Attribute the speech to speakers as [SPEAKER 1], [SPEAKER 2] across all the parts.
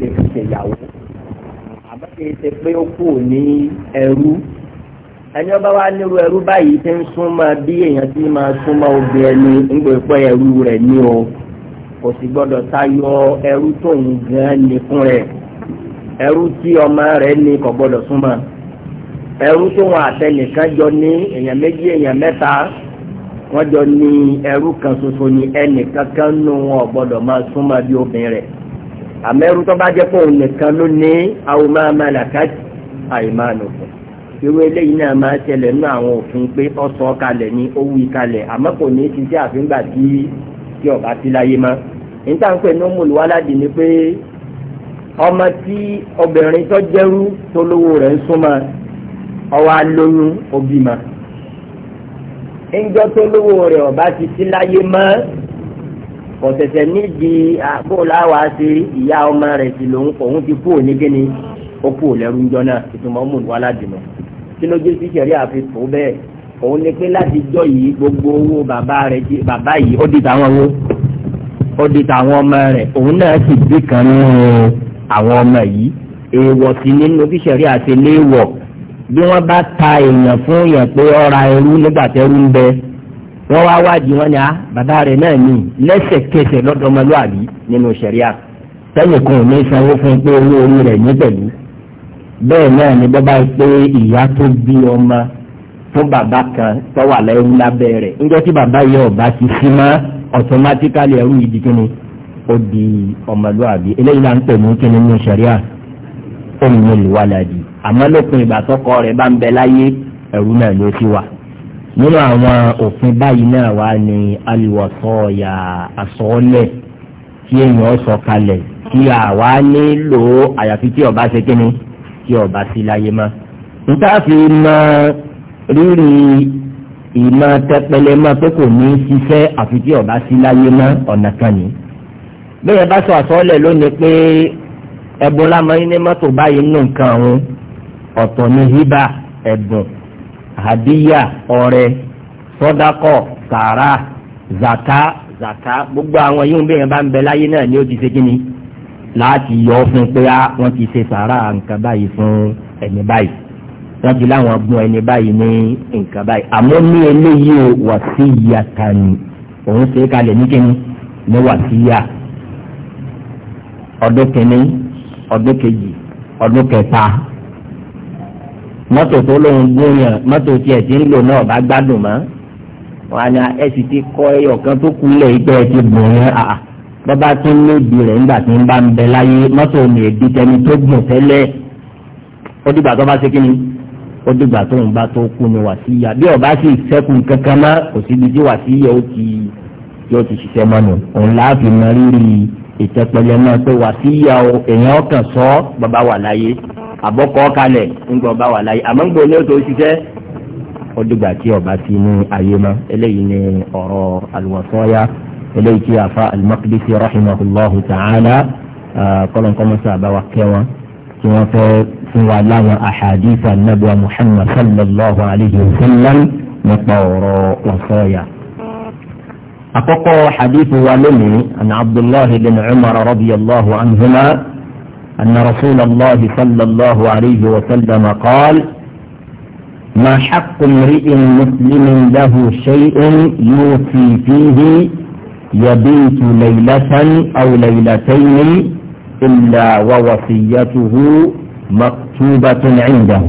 [SPEAKER 1] lè fi ṣèyàwó àbá kì í ṣe pé ó kù ní ẹrú ẹni ọba wa nírú ẹrú báyìí ti ń súnmọ́ bí èèyàn ti máa súnmọ́ obì ẹni ńgbè ẹrú rẹ̀ ní o kò sì gbọ́dọ̀ tayọ ẹrú tóun gan ni fún rẹ̀ ẹrú tí ọmọ rẹ̀ ní kò gbọ́dọ̀ súnmọ́ ẹrú tóun àtẹnìkan jọ ní èèyàn méjì èèyàn mẹ́ta wọ́n jọ ní ẹrú kan ṣoṣo ní ẹnìkankan nù wọn máa bí àmẹ́rú tó bá jẹ́ pé òun nìkan ló ní àwọn máa máa làkàtì àìmánu fún irú eléyìí náà máa ṣẹlẹ̀ nínú àwọn òfin pé ọ̀sọ̀ kalẹ̀ ni ó wí kalẹ̀ àmọ́ kò ní ti sí àfíngbà tí tí ọba ti láyé mọ́ níta ń pè ní mùlùwáládì ni pé ọmọ tí obìnrin tó jẹ́rú tó lówó rẹ̀ ń súnmọ́ ọwọ́ alóyún obì mọ́ ńjọ́ tó lówó rẹ̀ ọba ti sí láyé mọ́ ọ̀sẹ̀sẹ̀ nídìí bóòláwà sí ìyá ọmọ rẹ̀ sí lòun òun ti kú òní kíni ó kú òlẹ́rú ńjọ́ náà ìtumọ̀ ọmọ ìwà aládùnmọ̀ kí ló jẹ́ sí ìṣẹ̀rí àfikún bẹ́ẹ̀ òun ni pé láti jọ yìí gbogbo owó bàbá rẹ̀ bàbá yìí ó di tàwọn owó ó di tàwọn ọmọ rẹ̀ òun náà sì bí kan nínú àwọn ọmọ yìí èèwọ̀ sí nínú bí ìṣẹ̀rí àti léèwọ̀ bí wọ́n bá ta èèyàn fún èèyàn pé ọ̀ra wọ́n wá wádìí wọn ni a ah, bàbá rẹ̀ náà ní lẹ́sẹ̀kẹsẹ̀ lọ́dọ̀mọlúàbí nínú sẹ̀ríà tẹ́nìkan ò sanwó fún pé owó orí rẹ̀ ní pẹ̀lú bẹ́ẹ̀ náà ni bọ́bá yìí pé ìyá tó bí ọmọ fún bàbá kan tọ́wà lẹ́rú lábẹ́ rẹ̀ níjọ́ tí bàbá yìí ọ̀bá ti sí mọ́ ọ̀tọ́mátíkálì ẹrú yìí di kíni ó di ọmọlúàbí eléyìí là ń pè ní kíni nínú sẹ̀ríà ó ní ìwàlàdì àmọ́ lópin ìgbà tọ́kọ rẹ̀ bá ń bẹ láyé ẹrú náà ló ti wà nínú àwọn òfin báyìí náà wá ní aliwọ̀sọ̀ọ̀yà àsọ̀ọ́lẹ̀ tí èèyàn sọ kalẹ̀ tí àwa nílò àyàfi tí ọba ṣe kíni tí ọba sí láyé mọ́. níta fi mọ rírì ìmọ̀ tẹpẹlẹ mọ́ pé kò ní ṣiṣẹ́ àfi tí ọba sí láyé mọ́ ọ̀nà kan ni. bẹ́ẹ̀ bá sọ àsọ̀ọ́lẹ̀ lónìí pé ẹ̀bùn lámọ́ yín ní mọ́tò báyìí nù nǹkan ọ̀hún ọ̀tọ̀ ní híbà ẹ̀bùn. E hadiya ọrẹ sọdakọ sàrà zaka zaka gbogbo àwọn yìí ń bẹ̀rẹ̀ bá ń bẹ láyé náà ni ó ti ṣe kíni láti yọ fún pé ah, wọ́n ti ṣe sàrà nǹkan báyìí fún ẹni báyìí wọ́n ti láwọn gun ẹni báyìí ní nǹkan báyìí àmọ́ ní eléyìí o wàsíyà kan òun ṣe é kalẹ̀ ní kíni ní wàsíyà ọdún kìíní ọdún kejì ọdún kẹta mọ́tò tó lóun gbóyàn mọ́tò tiẹ̀ ti ń lò náà bá gbádùn mọ́ wọn ni ẹ sì ti kọ́ ẹyọ kan tó kú lẹ̀ ìgbẹ́ ẹ ti bùn yẹn àà bọ́bá tó ń lòdì rẹ̀ nígbà tí ń bá ń bẹ láyé mọ́tò mi èdè tẹni tó gbọ̀n tẹ́lẹ̀ ó dìgbà tó bá ṣe kíni ó dìgbà tó ń bá tó kú ni wàsíyà bí ọba sì sẹ́kù kankan mọ́ kò síbi tí wàsíyà ó ti tí ó ti ṣiṣẹ́ mọ́nu òun láàfin mọ rírì ìtẹ́pẹlẹ náà pé wà sí ìyá o èèyàn kàn sọ ọ́ bàbá wà láyé àbọ̀kọ́ kalẹ̀ ńgbà ọba wà láyé àmọ́ ńgbà olóyè tó ṣiṣẹ́ ó dìgbà tí ọba ti ní ayé mọ́ eléyìí ni ọ̀rọ̀ àlùwọ̀sọ́yà eléyìí tí àfa al-Maqdisi ta'ala kọ́lọ́nkọ́mọ́sá àbáwá kẹwọn tí wọ́n fẹ́ fún wa láwọn àhàdíìsì anábìwá Muhammad sallallahu alayhi wa sallam nípa ọ̀rọ̀ wọ̀sọ́yà. أقوى حديث والمي عن عبد الله بن عمر رضي الله عنهما أن رسول الله صلى الله عليه وسلم قال ما حق امرئ مسلم له شيء يوفي فيه يبيت ليلة أو ليلتين إلا ووصيته مكتوبة عنده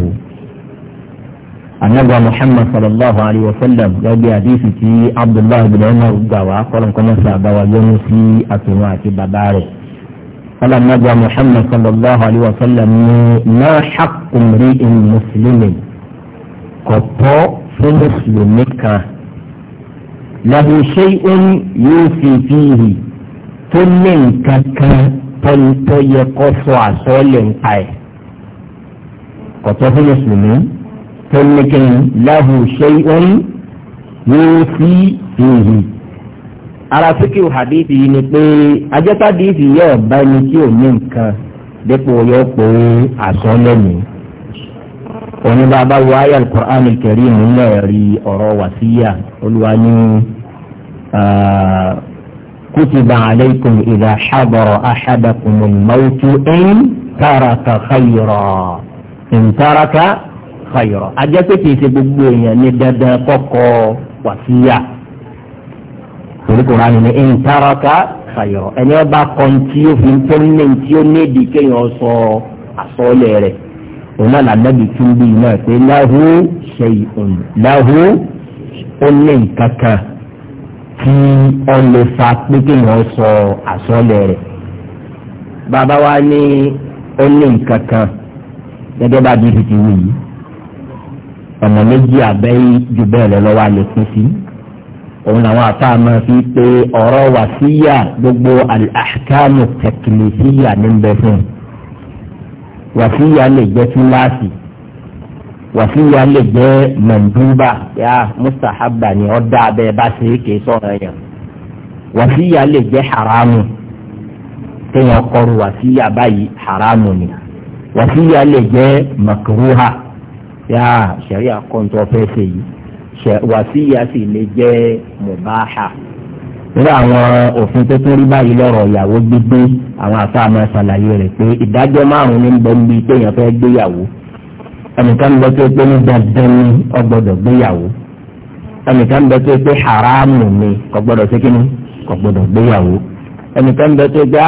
[SPEAKER 1] anagba muhammad sallallahu alayhi wa sallam lọ́bi àdìsí tí abdullahi bin umar gbà wá kọ́lọ́nkọ́lọ́sì àbáwá yọnu sí àtúnwá àti bàbá rẹ̀ kọ́lọ́ anagba muhammad sallallahu alayhi wa sallam ní náà xakumri in mùsùlùmí kò tọ́ fún mùsùlùmí kan lahu ṣẹ́yìn yóò fi fíhì tó ní nǹkan kan tọ́lítọ́ yẹ fún mùsùlùmí tó ní kí n lahu shay'un yóò sí ìhì. ara síkìú hadithi yìí ni pé ajẹ́pá hadithi yóò bá ẹni tí ò ní nǹkan dípò yóò pé àṣọ lẹ́nu. òní bàbá wo ayé al-Qur'an al-Karim náà rí ọ̀rọ̀ wàsíyà olúwa ní. كتب عليكم إذا حضر أحدكم الموت إن ترك خيرا إن ترك khayra ajẹ́ pé kìí ṣe gbogbo èèyàn ní dandan kọ́kọ́ wàsíyà torí kò ránì ní ìntàràkà khayra ẹni ọba kan tí ó fi ń tó ní tí ó nídìí kéèyàn sọ àsọlẹ̀ rẹ̀ òun náà lànàbì tún bí iná pé láhù ṣe ìhùn láhù ó ní nǹkan kan tí ọ lè fa pé kéèyàn sọ àsọlẹ̀ rẹ̀ bàbá wa ní ó ní nǹkan kan gẹ́gẹ́ bá bí fi ti wù yìí ọ̀nà méjì àbẹ́yí jù bẹ́ẹ̀ lọ lọ́wọ́ alẹ́ pín sí òun làwọn àfáà máa fi pé ọ̀rọ̀ wàsíyà gbogbo àkàmù tẹkìlìsíyà ní ń bẹ fún un wàsíyà lè jẹ́ túláàsì wàsíyà lè jẹ́ mọ̀ndúbà yá mustahaba ni ọ́ dá abẹ́ bá ṣe é kéé sọ̀rọ̀ yẹn wàsíyà lè jẹ́ haramu kéèyàn kọrù wàsíyà báyìí haramu ni wàsíyà lè jẹ́ makruha yà sẹ̀rí àkọ́ńtọ́ fẹ́ ṣe yìí wàsíyà sì lè jẹ́ mùbáhà nínú àwọn òfin tó tún rí báyìí lọ́rọ̀ ìyàwó gbígbé àwọn àfáàmọ́ ṣàlàyé rẹ̀ pé ìdájọ́ márùn-ún ní gbọ́nbi téèyàn fẹ́ gbéyàwó ẹnìkan ń bẹ tó pé ní dandan ni ó gbọ́dọ̀ gbéyàwó ẹnìkan ń bẹ tó pé haramu ni kò gbọ́dọ̀ ṣe gbéyàwó ẹnìkan bẹ tó pé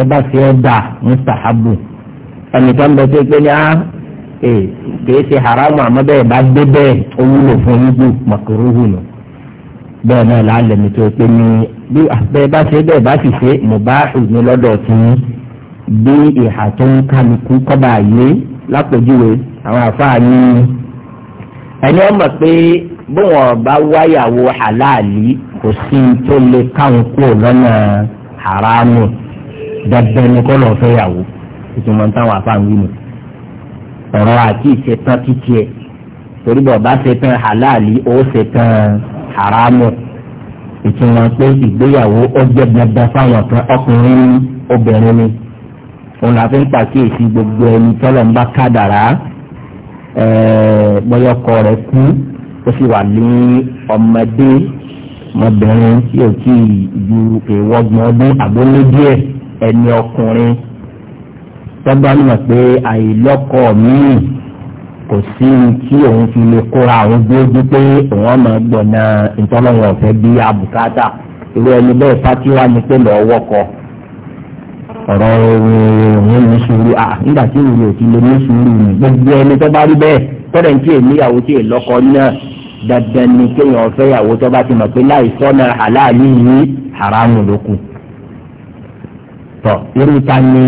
[SPEAKER 1] bẹ́ẹ̀ bá ṣe é dà mustahabu ẹnìkan bẹ tó pé ní ee kìí ṣe haramu àmọ́ bẹ́ẹ̀ bá gbé bẹ́ẹ̀ ó wúlò fún yíjú màkúrúhù nù bẹ́ẹ̀ náà lálẹ́ mi tó pé ní bí bẹ́ẹ̀ bá ṣe bẹ́ẹ̀ bá sì ṣe mùbáhù ní lọ́dọ̀ tún bí ìhà tó ń kálukú kọ́ba yé lápèjúwe àwọn àfáà ní ẹni ọmọ pé bóun ọba wáyàwó àláàlí kò sí tó lè káwọn kúrò lọ́nà haramu dandan ni kọ́ lọ́ọ́ yàwó ìtumọ̀ táwọn àfáà ń wí nù ọ̀rọ̀ àti ìṣetán títí ẹ̀ torí bọ̀ bá ṣetán halali ó ṣetán haramu ìtumọ̀ pé ìgbéyàwó ọjọ́ dandan fáwọn kan ọkùnrin ní obìnrin ni òun la fi ń pàkíyèsí gbogbo ẹni tọ́lọ̀ ń bá kádàrá bọ́yọ̀ ọkọ rẹ̀ kú ó sì wà ní ọmọdé ọmọbìnrin tí ò tí ì ju èèwọ̀ ọgbọ̀n ọdún àbólójú ẹ̀ ẹni ọkùnrin tọ́gbà mọ̀ pé àìlọ́kọ míì kò sí tí òun fi lè kóra àwọn gbójú pé òun ọmọ gbọ̀nà ìtọ́lọ́wọ̀n ọ̀fẹ́ bí abùkátà irú ẹni bẹ́ẹ̀ pátí wá ní pé lọ́ọ́ wọ́kọ̀ ọ̀rọ̀ òun ní sùúrù à nígbà tí òun ò ti lè ní sùúrù nì gbogbo ẹni tó rí bẹ́ẹ̀ tọ́lẹ̀ ní tí èmíyàwó tí èlọ́kọ náà dandan ni kéèyàn ọ̀fẹ́ yàwó tó ti mọ̀ pé láì sọ́nà tọ irú ta ni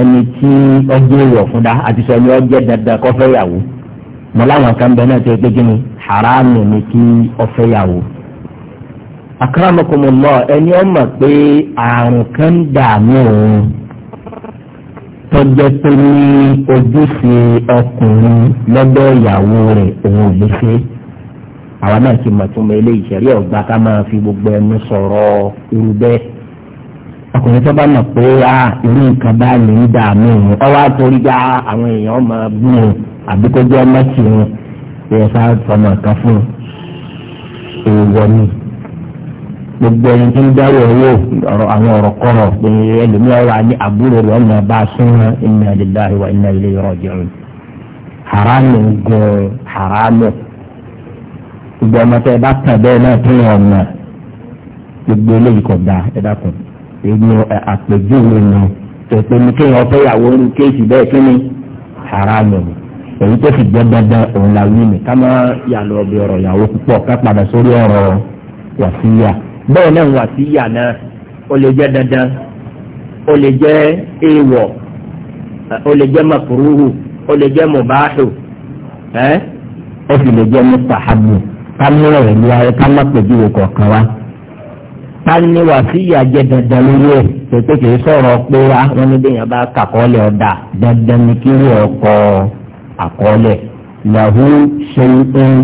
[SPEAKER 1] ẹni tí ọjọ́ ìwọ̀ fún da àti sọ ni ọjọ́ dandan kọ́ fẹ́ yàwó mọ láwọn kan bẹ náà tó yẹ pé ni haramu ni kí ọ fẹ́ yàwó. akramakumullah ẹni ọ mọ̀ pé àrùn kan dààmú òun tọ́jọ́ pé ní ojúṣe ọkùnrin lọ́dọ̀ ìyàwó rẹ̀ òun ò lè ṣe àwa náà ti mọ̀ tún mọ eléyìí ṣẹ̀rí ọ̀gbà ká máa fi gbogbo ẹnu sọ̀rọ̀ irú bẹ́ẹ̀ ọkùnrin tó bá mọ̀ pé a ah, irú nǹkan bá lè ń dààmú òun ọwọ́ àtòrí gba ah, àwọn èèyàn máa bú un àbí kó jẹ́ mẹ́tì wọn èèyàn sáré fọmọ kan fún un èèwọ̀ ni gbogbo ẹni tó ń dáwọ owó ọ̀rọ̀ àwọn ọ̀rọ̀ kọrọ pé ẹlòmíràn wà ní àbúrò rẹ̀ ọmọ bá súnmọ́ inna lillahi wa inna ilayhi raji'un haramu gan haramu gbogbo ọmọ tẹ ẹ bá tàn bẹ́ẹ̀ náà tó yàn ọmọ gbogbo eléyìí kò dáa ẹ dákun èmi eh, àpèjúwe nù tẹ̀pẹ́ ní kéèyàn fẹ́yàwó ní kéèsì bẹ́ẹ̀ kí ni haramu èyí tó fi jẹ́ dandan òun la wí ni ká má yà lọ bí ọ̀rọ̀ ìyàwó púpọ̀ ká padà sórí ọ̀rọ̀ wàsíyà bẹ́ẹ̀ náà wàsíyà náà ó lè jẹ́ dandan ó lè jẹ́ èèwọ̀ ó lè jẹ́ makuruhu ó lè jẹ́ mubahu ó sì lè jẹ́ mustahabu ká mú ọ̀rẹ́ lu ayé ká má pèjúwe kọ̀ọ̀kan wá ta ni wàsíyà jẹ dandan lórí ẹ pépé kìí sọ̀rọ̀ pé àwọn ah, oníbẹ̀yàn bá kàkọ́lẹ̀ ọ̀dà dandan ni kí wọ́n kọ àkọọ́lẹ̀ làwù ṣẹ́yìn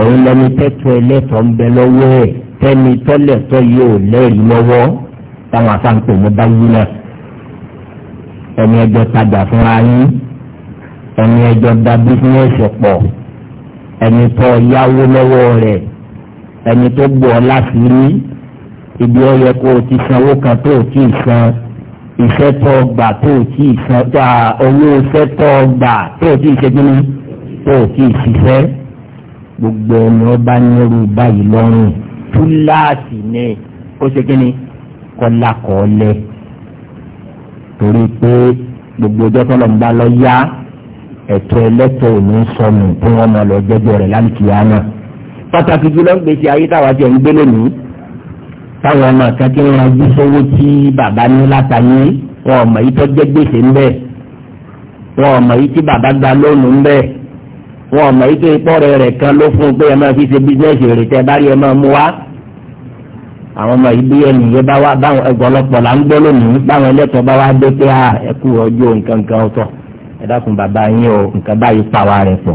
[SPEAKER 1] òun lẹni tẹ́tù ẹlẹ́tọ̀ ń bẹ lọ́wọ́ ẹ̀ tẹ́ni tọ́lẹ̀tọ́ yóò lẹ́rìí lọ́wọ́ táwọn afáǹpè ní báyìí náà ẹni ẹjọ́ tajà fúnra yín ẹni ẹjọ́ da bísíǹsì pọ̀ ẹni tọ́ yáwó lọ́wọ́ rẹ̀ ẹni tó gbọ́ ọ láti rí ibi ó yẹ kó o ti sanwó kan tó o kì í san iṣẹ́ tó o gbà tó o kì í san owó iṣẹ́ tó o gbà tó o kì í ṣe kíni tó o kì ṣiṣẹ́ gbogbo ẹni ó bá nírú báyìí lọ́rùn túláàsì ni ó ṣe kíni torí pé gbogbo ọjọ́ tó lọ́n bá yá ẹ̀tọ́ ẹlẹ́tọ̀ọ́ ò ní sọnù tí wọ́n mọ lọ jẹ́jọ́ rẹ̀ náà pàtàkì jùlọ ń gbèsè ayé táwa jẹ ń gbélé mi táwọn ọmọ kan ti ń ranjú sówó tí bàbá ní látàyé wọn ọmọ yìí tó jẹ gbèsè ń bẹ wọn ọmọ yìí tí bàbá gba lónìí ń bẹ wọn ọmọ yìí tó ipọ́ rẹ̀ rẹ̀ kan ló fún un pé ẹ máa fi ṣe bísíǹsì rẹ̀ tẹ́ bá rí ẹ máa mú wá àwọn ọmọ yìí bí ẹnìyẹn bá wá báwọn ẹgbọ̀lọpọ̀ là ń gbọ́ lónìí báwọn ẹlẹ́tọ̀ bá wá dé pé ẹ kú ọjọ́ nǹkan kan ọ̀tọ̀ ẹ dákun bàbá yín o nǹkan báyìí pa wa rẹ̀ pọ̀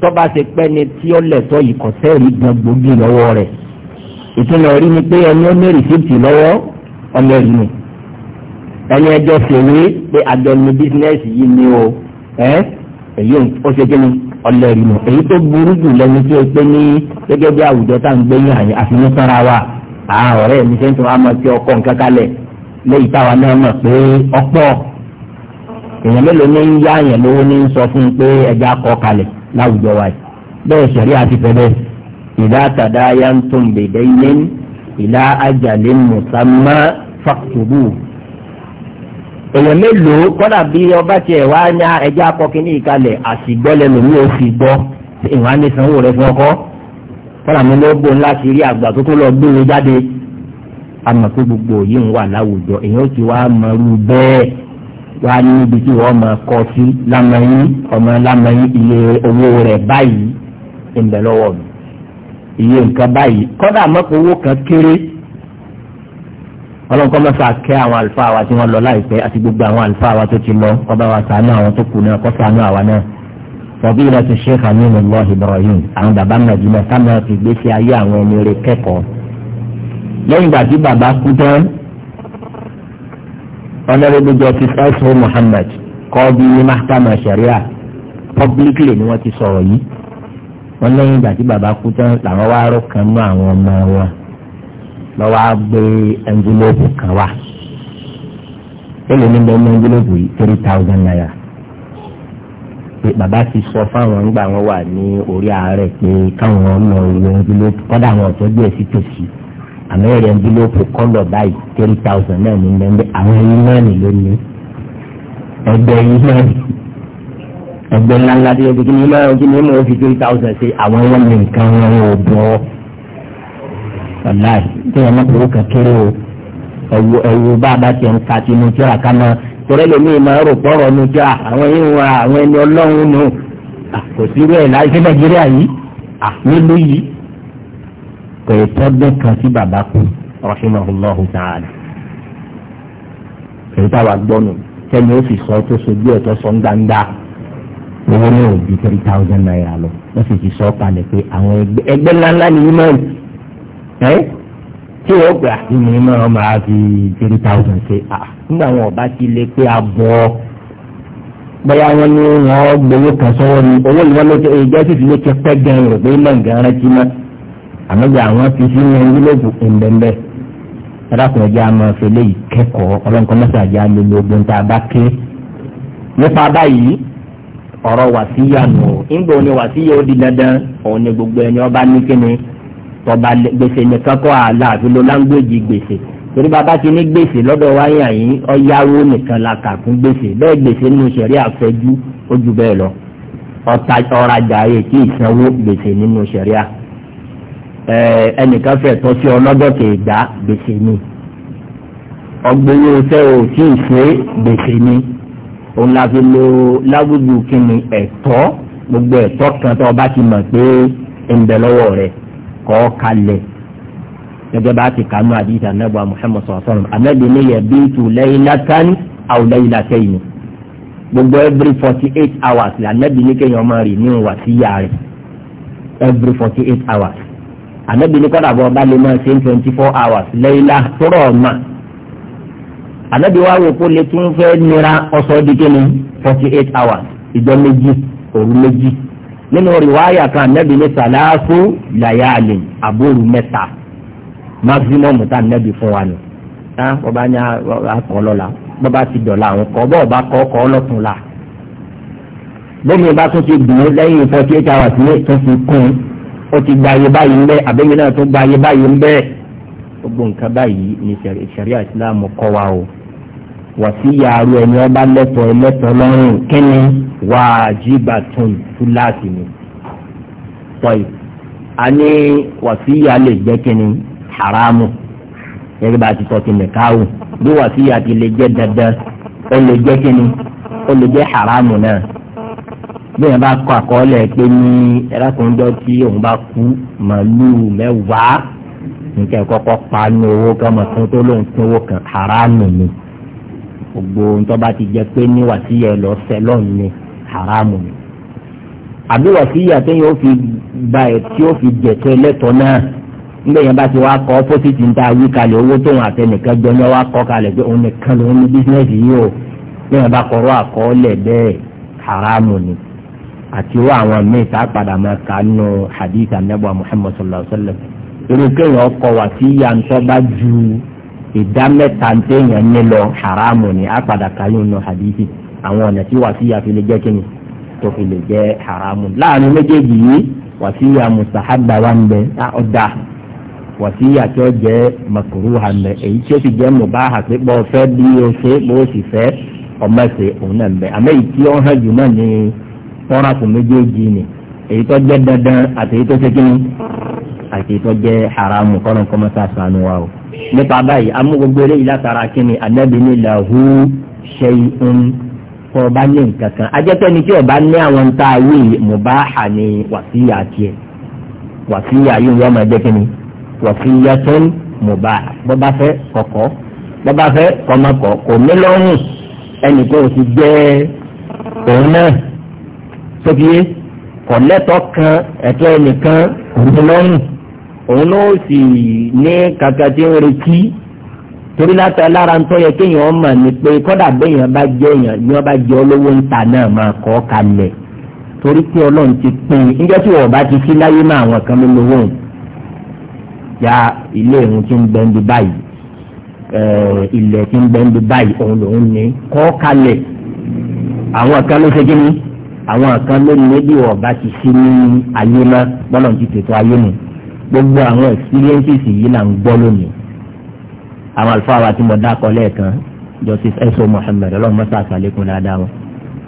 [SPEAKER 1] tọ́ba ṣe pẹ́ ni tí ó lẹ̀tọ́ yìí kò sẹ́ẹ̀rí gan gbòógì lọ́wọ́ rẹ̀ ìtumọ̀ rí ni pé ẹni ó ní rìsíìtì lọ́wọ́ ọmọ ẹ̀rí ni ẹni ẹjọ́ ṣèwé pé àjọ ni bísínẹ́sì yìí ni o ẹ́ èyí ó ṣe kíni ọlẹ́rìí nù èyí tó burú jù lẹ́nu tí o pé ní gẹ́gẹ́ bí àwùjọ tá à ń gbé yín àyè àfihàn sára wa ọ̀rẹ́ mi ṣe ń tún àmọ́ tí ọkọ̀ nǹkan kalẹ̀ lẹ́yìn táwa náà mọ̀ pé ọ̀pọ̀ èèyàn mélòó ní yá àyàn lówó ní sọ fún un pé ẹja kọ kalẹ̀ láwùjọ wa yìí bẹ́ẹ̀ sẹ̀rí àti fẹ́lẹ́ ìdá tàdáyà ń tún bèdè yín ìlà ajalè mùsàmá fàkùrù. èèyàn mélòó kọ́dà bí ọba tiẹ̀ wá ní ẹja akọkínní ìkalẹ̀ àsìgbọ́lẹ̀ lòun ò fi gbọ́ ní sanwó rẹ̀ fún ọkọ́ kọ́dà mi ló gbó ńlá sí rí àgbà tó jáde. gbogbo yìí ń wà láwùjọ èèyàn ti wà á ní ibi tí wọ́n máa kọ́ sí lámẹ́yìn ọmọ lámẹ́yìn iye owó rẹ̀ báyìí ìbẹ̀ lọ́wọ́ mi iye nǹkan báyìí kọ́dà mọ́pọ̀ owó kan kéré ọlọ́nkọ́ mẹ́fà kẹ́ àwọn àlùfáà wa tí wọ́n lọ láìpẹ́ àti gbogbo àwọn àlùfáà wa tó ti lọ ọba wa sànú àwọn tó kù náà kọ́ sànú àwa náà tọ́bí ilẹ̀ ti ṣe kàmí ní lọ́ọ̀hì Ibrahim àwọn bàbá Mẹ́dínà táwọn fi gbé sí ayé àwọn ẹni rẹ̀ kẹ́kọ̀ọ́ lẹ́yìn ìgbà tí bàbá kú tán honorable justice ọ̀sùn muhammed kọ́ọ̀bí ní mahakama sharia publicly ni wọ́n ti sọ̀rọ̀ yìí wọn lẹ́yìn ìgbà tí bàbá kú tán làwọn wá kan mọ àwọn ọmọ wọn lọ́wọ́ wá gbé kan wá èlò níbẹ̀ ní yìí three thousand naira pé bàbá ti sọ fáwọn ńgbà wọn wà ní orí ààrẹ pé káwọn lọ tòsí. àmẹ́rẹ̀ ẹ̀ńbílópù kọ́lọ̀ báyìí three thousand náà ní mẹ́mbẹ́ àwọn ẹ̀yìn náà ní lónìí ẹgbẹ́ ẹ̀yìn náà ní ẹgbẹ́ ńláńlá tó yẹ kí ni máa kí ni máa fi three thousand ṣe àwọn ẹ̀wọ̀n ní nǹkan wọn ò bọ̀ ọ́ ọ̀la tí wọ́n máa fowó kékeré o ẹ̀wù ẹ̀wù bá a bá ti ń ka ti nu tí wọ́n ká máa lómi máa rò pọ́rọ̀ nu tí àwọn ẹ̀yìn wa àwọn ẹni kò yẹ tọ́gbẹ́ kan sí bàbá kù rahimahullahu ta'ala èyí táwa gbọ́nù tẹ́lẹ̀ ó sì sọ tó sojú ẹ̀ tó sọ ń gbangba owó náà ò ju three thousand naira lọ wọ́n sì ti sọ kalẹ̀ pé àwọn ẹgbẹ́ ńláńlá ni yín máa tí wọ́n gbà kí ni máa fi three thousand ṣe à nígbà wọn ọba ti lé pé a bọ̀ wọn ní wọn gbowó kan sọ́wọ́ ni owó ni ló jẹ́ ìjẹ́ ti lé kẹ́kẹ́ gan rò pé mọ̀ngàn rántí máa àmọ́jà àwọn ti sí ní ẹnjílẹ́gù ẹ̀ńdẹ̀ńdẹ̀ ẹ̀dàkùn ẹ̀jẹ̀ àmọ́ ìfẹ́lẹ́ yìí kẹ́kọ̀ọ́ ọlọ́nkọ́ mẹ́sàájà lólo ogun tá a bá ké nípa báyìí ọ̀rọ̀ wàsíyà nù ó ńgbà òní wàsíyà ó di dandan òun ni gbogbo ẹni ọba ní kíni tọba gbèsè nìkan kọ́ àlàáfin ló láńgbèjì gbèsè torí bàbá ti ní gbèsè lọ́dọ̀ wáyà yìí ọ̀yáwó nìkan la kà fún gbèsè bẹ́ẹ̀ gbèsè nù sẹ̀rí àfẹ́jú ó ju bẹ́ẹ̀ lọ ọ̀rajà èyí tí ìsanwó gbèsè nínú sẹ̀ríà ẹnìkan fẹ́ tọ́ sí ọlọ́dọ̀ kè gbà gbèsè ni ọgbẹ́wò tẹ́ ò tí ì ṣe gbèsè ni òun la fi lo láwùjọ kìnnì ẹ̀tọ́ gbogbo ẹ̀tọ́ kan tó o ti mọ̀ pé ń bẹ lọ́wọ́ rẹ̀ kọ́ kalẹ̀ gẹ́gẹ́ bá ti kànú àdìsá nàbà Muhammad sọ̀rọ̀sọ̀rọ̀ amẹ́bí ni yẹ bí tu lẹ́yìnlátán àwòlẹ́yìnlátẹ́yìn gbogbo every forty eight hours la amẹ́bí ni kéèyàn máa rìn ní ìwà síyà every forty eight hours ànábì ní kọ́dà bọ́ ọba lè máa ṣe twenty four hours lẹ́yìnlá tọrọ ọ̀mà ànábì wa wò kó lè tún fẹ́ nira ọ̀sọ́ di kíni forty eight hours ìjọ méjì òru méjì nínú rìwáyà kan ànábì ní sàlàáfù làyàlè àbóòrù mẹ́ta maximum tá ànábì fún wa nù tá ọba ní akọ lọ́la bọ́ba ti dọ̀la àwọn kọ́ bọ́ ọba kọ́ kọ́ lọ́tún la bẹ́ẹ̀ ni ìbá tún ti dùn lẹ́yìn forty eight hours ní tún fi kún un ó ti gba ayé báyìí ń bẹ́ àbẹ́yìn náà tún gba ayé báyìí ń bẹ́ gbogbo nǹkan báyìí ni sẹ̀ríà ìsìláàmù kọ́ wa o wà sí yaaru ẹni ọba lẹ́tọ̀ ẹlẹ́tọ̀ lọ́rùn kẹ́ni wàjíbàtún túláàsì ni tọ́yì a ní wà sí ya lè jẹ́ kẹ́ni haramu gẹ́gẹ́ bá a ti sọ ti nìkaahù bí wà sí ya ti lè jẹ́ dandan ó lè jẹ́ kẹ́ni ó lè jẹ́ haramu náà bẹ́ẹ̀ bá kọ àkọọ́lẹ̀ pé ní ẹlẹ́kùnjọ́ tí òun bá kú màlúù mẹ́wàá nǹkan kọ́kọ́ pa ní owó kan tó lóun tún owó kan haramu ni gbogbo ntọ́ bá ti jẹ pé ní wàsíyà lọ sẹ́lọ̀n ni haramu ni àbí wàsíyà téèyàn ó fi ba ẹ̀ tí ó fi jẹ̀tọ́ ẹlẹ́tọ̀ náà nígbà yẹn bá ti wá kọ́ pósìtì ń ta wí kalẹ̀ owó tóun àtẹnìkan jọ ní wá kọ́ kalẹ̀ pé òun nìkan lòun ní bísíǹnẹ̀sì yìí o bí wọn bá kọ́rọ́ àkọọ́lẹ̀ bẹ́ẹ̀ haramu ni àti irú àwọn míì tá a padà máa kà á nù hadith anabuwa muhammad sallallahu alaihi wa sallam irú kéèyàn ọkọ wà tí yantọ́ bá ju ìdá mẹ́ta téèyàn ní lọ haramu ni a padà kà á yóò nù hadith àwọn ọ̀nà tí wà sí yàtọ̀ lè jẹ́ kíni tó fi lè jẹ́ haramu láàrin méjèèjì yìí wà sí yà mustahada wa ń bẹ ọ̀dà wà sí yà tí ó jẹ́ makuruha ń bẹ èyí tí fi jẹ́ mubaha pé bọ́ fẹ́ bí o ṣe bó o sì fẹ́ ọmọ ẹsẹ̀ òun náà ń bẹ àmọ́ ìtí ọ̀hán jù ni wọ́n rà fún méjèèjì ni èyí tó jẹ́ dandan àti èyí tó ṣe kí ni àti èyí tó jẹ́ haramu kọ́nà kọ́mọ́tà sànù wa o. nípa báyìí amú eré yìí kí ni anabi ní lahu ṣe ń kọ́ ọba ní nǹkan kan ajẹ́pẹ́ni tí ọba ní àwọn ń ta awé mubaha ni wàsíyà tiẹ̀ wàsíyà yìí wọ́n máa jẹ́ kí ni wàsíyà tó ń mubaha bọ́bá fẹ́ kọ̀kọ́ bọ́bá fẹ́ kọ́mọkọ̀ kò ní lọ́rùn ẹnì kan ò jẹ́ òun náà tóbiye kọ̀lẹ́tọ̀ kan ẹ̀tọ́ ẹnìkan òun lọ́rùn òun náà sì ní kàkà tí ń retí torí láti alára ń tọ́ yẹ kéèyàn mọ̀ ni pé kọ́dà béèyàn bá jẹ́ èèyàn ni wọ́n bá jẹ́ olówó ń ta náà máa kọ́ kalẹ̀ torí pé ọlọ́run ti pín in níjẹ́ tí wọ́n bá ti sí láyé máa àwọn kan ló lówó ya ilé ìrun tí ń bẹ́ńdì báyìí ilẹ̀ tí ń bẹ́ńdì báyìí òun lòún ní kọ́ kalẹ̀ àwọn kan ló ṣe kí ni àwọn kan lónìí bí wọ́n bá ti sí ní ayé mọ́ bọ́lọ̀ ti tètò ayé nù gbogbo àwọn experiences yìí là ń gbọ́ lónìí àwọn àlùfáà wa tí mo dákọ lẹ́ẹ̀kan justice eso Muhammad ọlọ́run mọ́sá àtàlẹ́kùn dáadáa wọn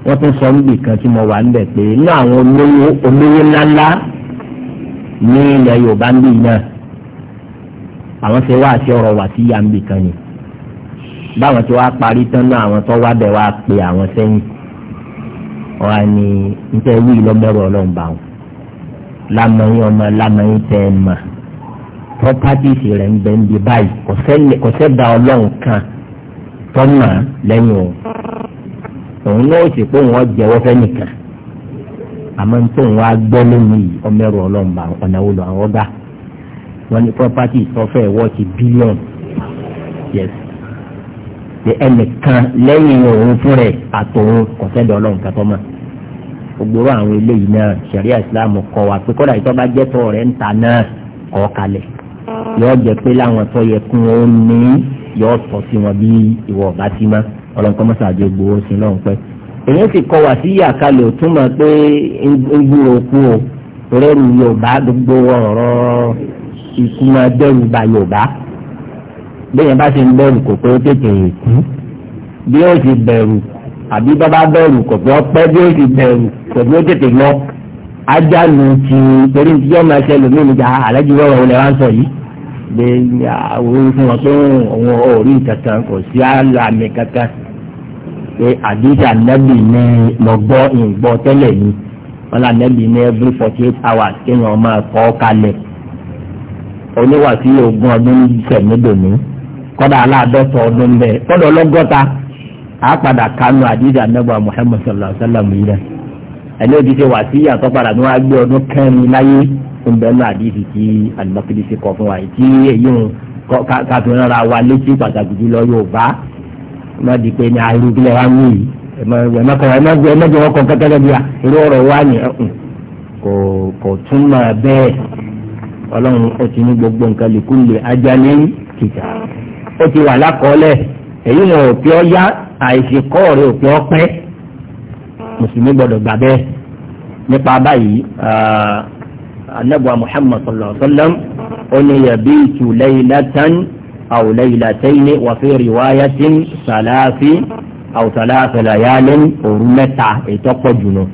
[SPEAKER 1] wọ́n tún sọ níbi kan tí mo wà níbẹ̀ pé inú àwọn olówó olówó ńláńlá ní ilẹ̀ Yorùbá ń bì náà àwọn ṣe wá àti ọ̀rọ̀ wà sí yàmbì kan yìí báwọn ti wá parí tán náà àwọn tó wá bẹ̀ wá pé àwọn sẹ́yìn wọn á ní níta ewu ọlọ́run bá wọn lamẹ́yìn ọmọ lamẹ́yìn tẹ́ ẹ mà properties rẹ̀ ń bẹ ń bí báyìí kò sẹ́dá ọlọ́run kan tọ́nà lẹ́yìn òun òun náà sì pé òun jẹ́wọ́ fẹ́nìkan àmọ́ tó òun á gbọ́ lónìí ọmọ ẹ̀rọ ọlọ́run bá ọ̀nà wo lọ àwọn gbà wọn ní properties tó fẹ́ wọ́ọ̀tì bílíọ̀nù yẹsì pé ẹnìkan lẹ́yìn òun fún rẹ̀ àtòun kọ̀sẹ́dọ̀ ọlọ́run kàtọ́ mọ́ gbogbo àwọn eléyìí náà sẹ̀ríà islam kọ́ wa pé kọ́dà ìtọ́ bá jẹ́ tọ́ rẹ̀ ń ta náà kọ́ kalẹ̀ yọ jẹ́ pé láwọn tó yẹ kún ó ní yọ sọ sí wọn bí ìwọ ọ̀bá ti mọ́ ọlọ́run kọ́ mọ́sá àjọ gbowó sí lọ́run pẹ́ èyí sì kọ́ wa sí yàkálẹ̀ ò túmọ̀ pé ń kú o rẹ́rù yorùbá gbogbo ọ̀rọ̀ ikú ba yorùbá bẹ́ẹ̀ bá ṣe ń bẹ̀rù kò pé ó tètè kú bí ó ti bẹ̀rù àbí bá bá bẹ̀rù kò pé ọpẹ́ bí ó ti bẹ̀rù kò pé ó tètè lọ ajánu ti torí ti yọ́ máa ṣẹlẹ̀ mí níjà àlẹ́jú rọrọ̀ olè wá ń sọ yìí gbé àwọn fún wọn pé òun ò kankan kò sí àlàmì kankan pé àdéhùn ànábì ní lọ́gbọ́ ìgbọ́ tẹ́lẹ̀ ni wọn là nẹ́bi ní every forty eight hours kéèyàn máa kọ́ kalẹ̀ oníwàsí ogún ọdún sẹ̀mídòmí kọ́dà aláàdọ́ta ọdún bẹ́ẹ̀ kọ́dà ọlọ́gọ́ta àápadà kánú àdídà nẹ́gbà Muhammad sallallahu alayhi wa sallam yìí rẹ̀ ẹni òbí ṣe wà sí ìyàtọ̀ padà ní wọ́n á gbé ọdún kẹrin láyé ń bẹ́ẹ̀ náà àdídì tí alimakidi ṣe kọ́ fún wa tí èyí ń káfíń rárá wa létí pàtàkì jùlọ yóò bá má di pé ní ayélujára wa ń wí ẹ̀mẹ́jọ wọn kọ kẹ́kẹ́ bí irú ọ̀rọ̀ wa ni kò tún bẹ́ẹ̀ ọlọ́run ó ó ti wà lákọọ́lẹ̀ èyí wọn ò pé ọ yá àìsèkọ́ rẹ̀ ò pé ọ pẹ́ mùsùlùmí gbọ́dọ̀ gbà bẹ́ẹ̀ nípa báyìí anabuwa muhammad sallallahu alaihi wa sallam oníyàbí ìtúlẹ̀yìn látàn أو ليلتين وفي رواية ثلاث أو ثلاث ليال أرمتع إتقى جنو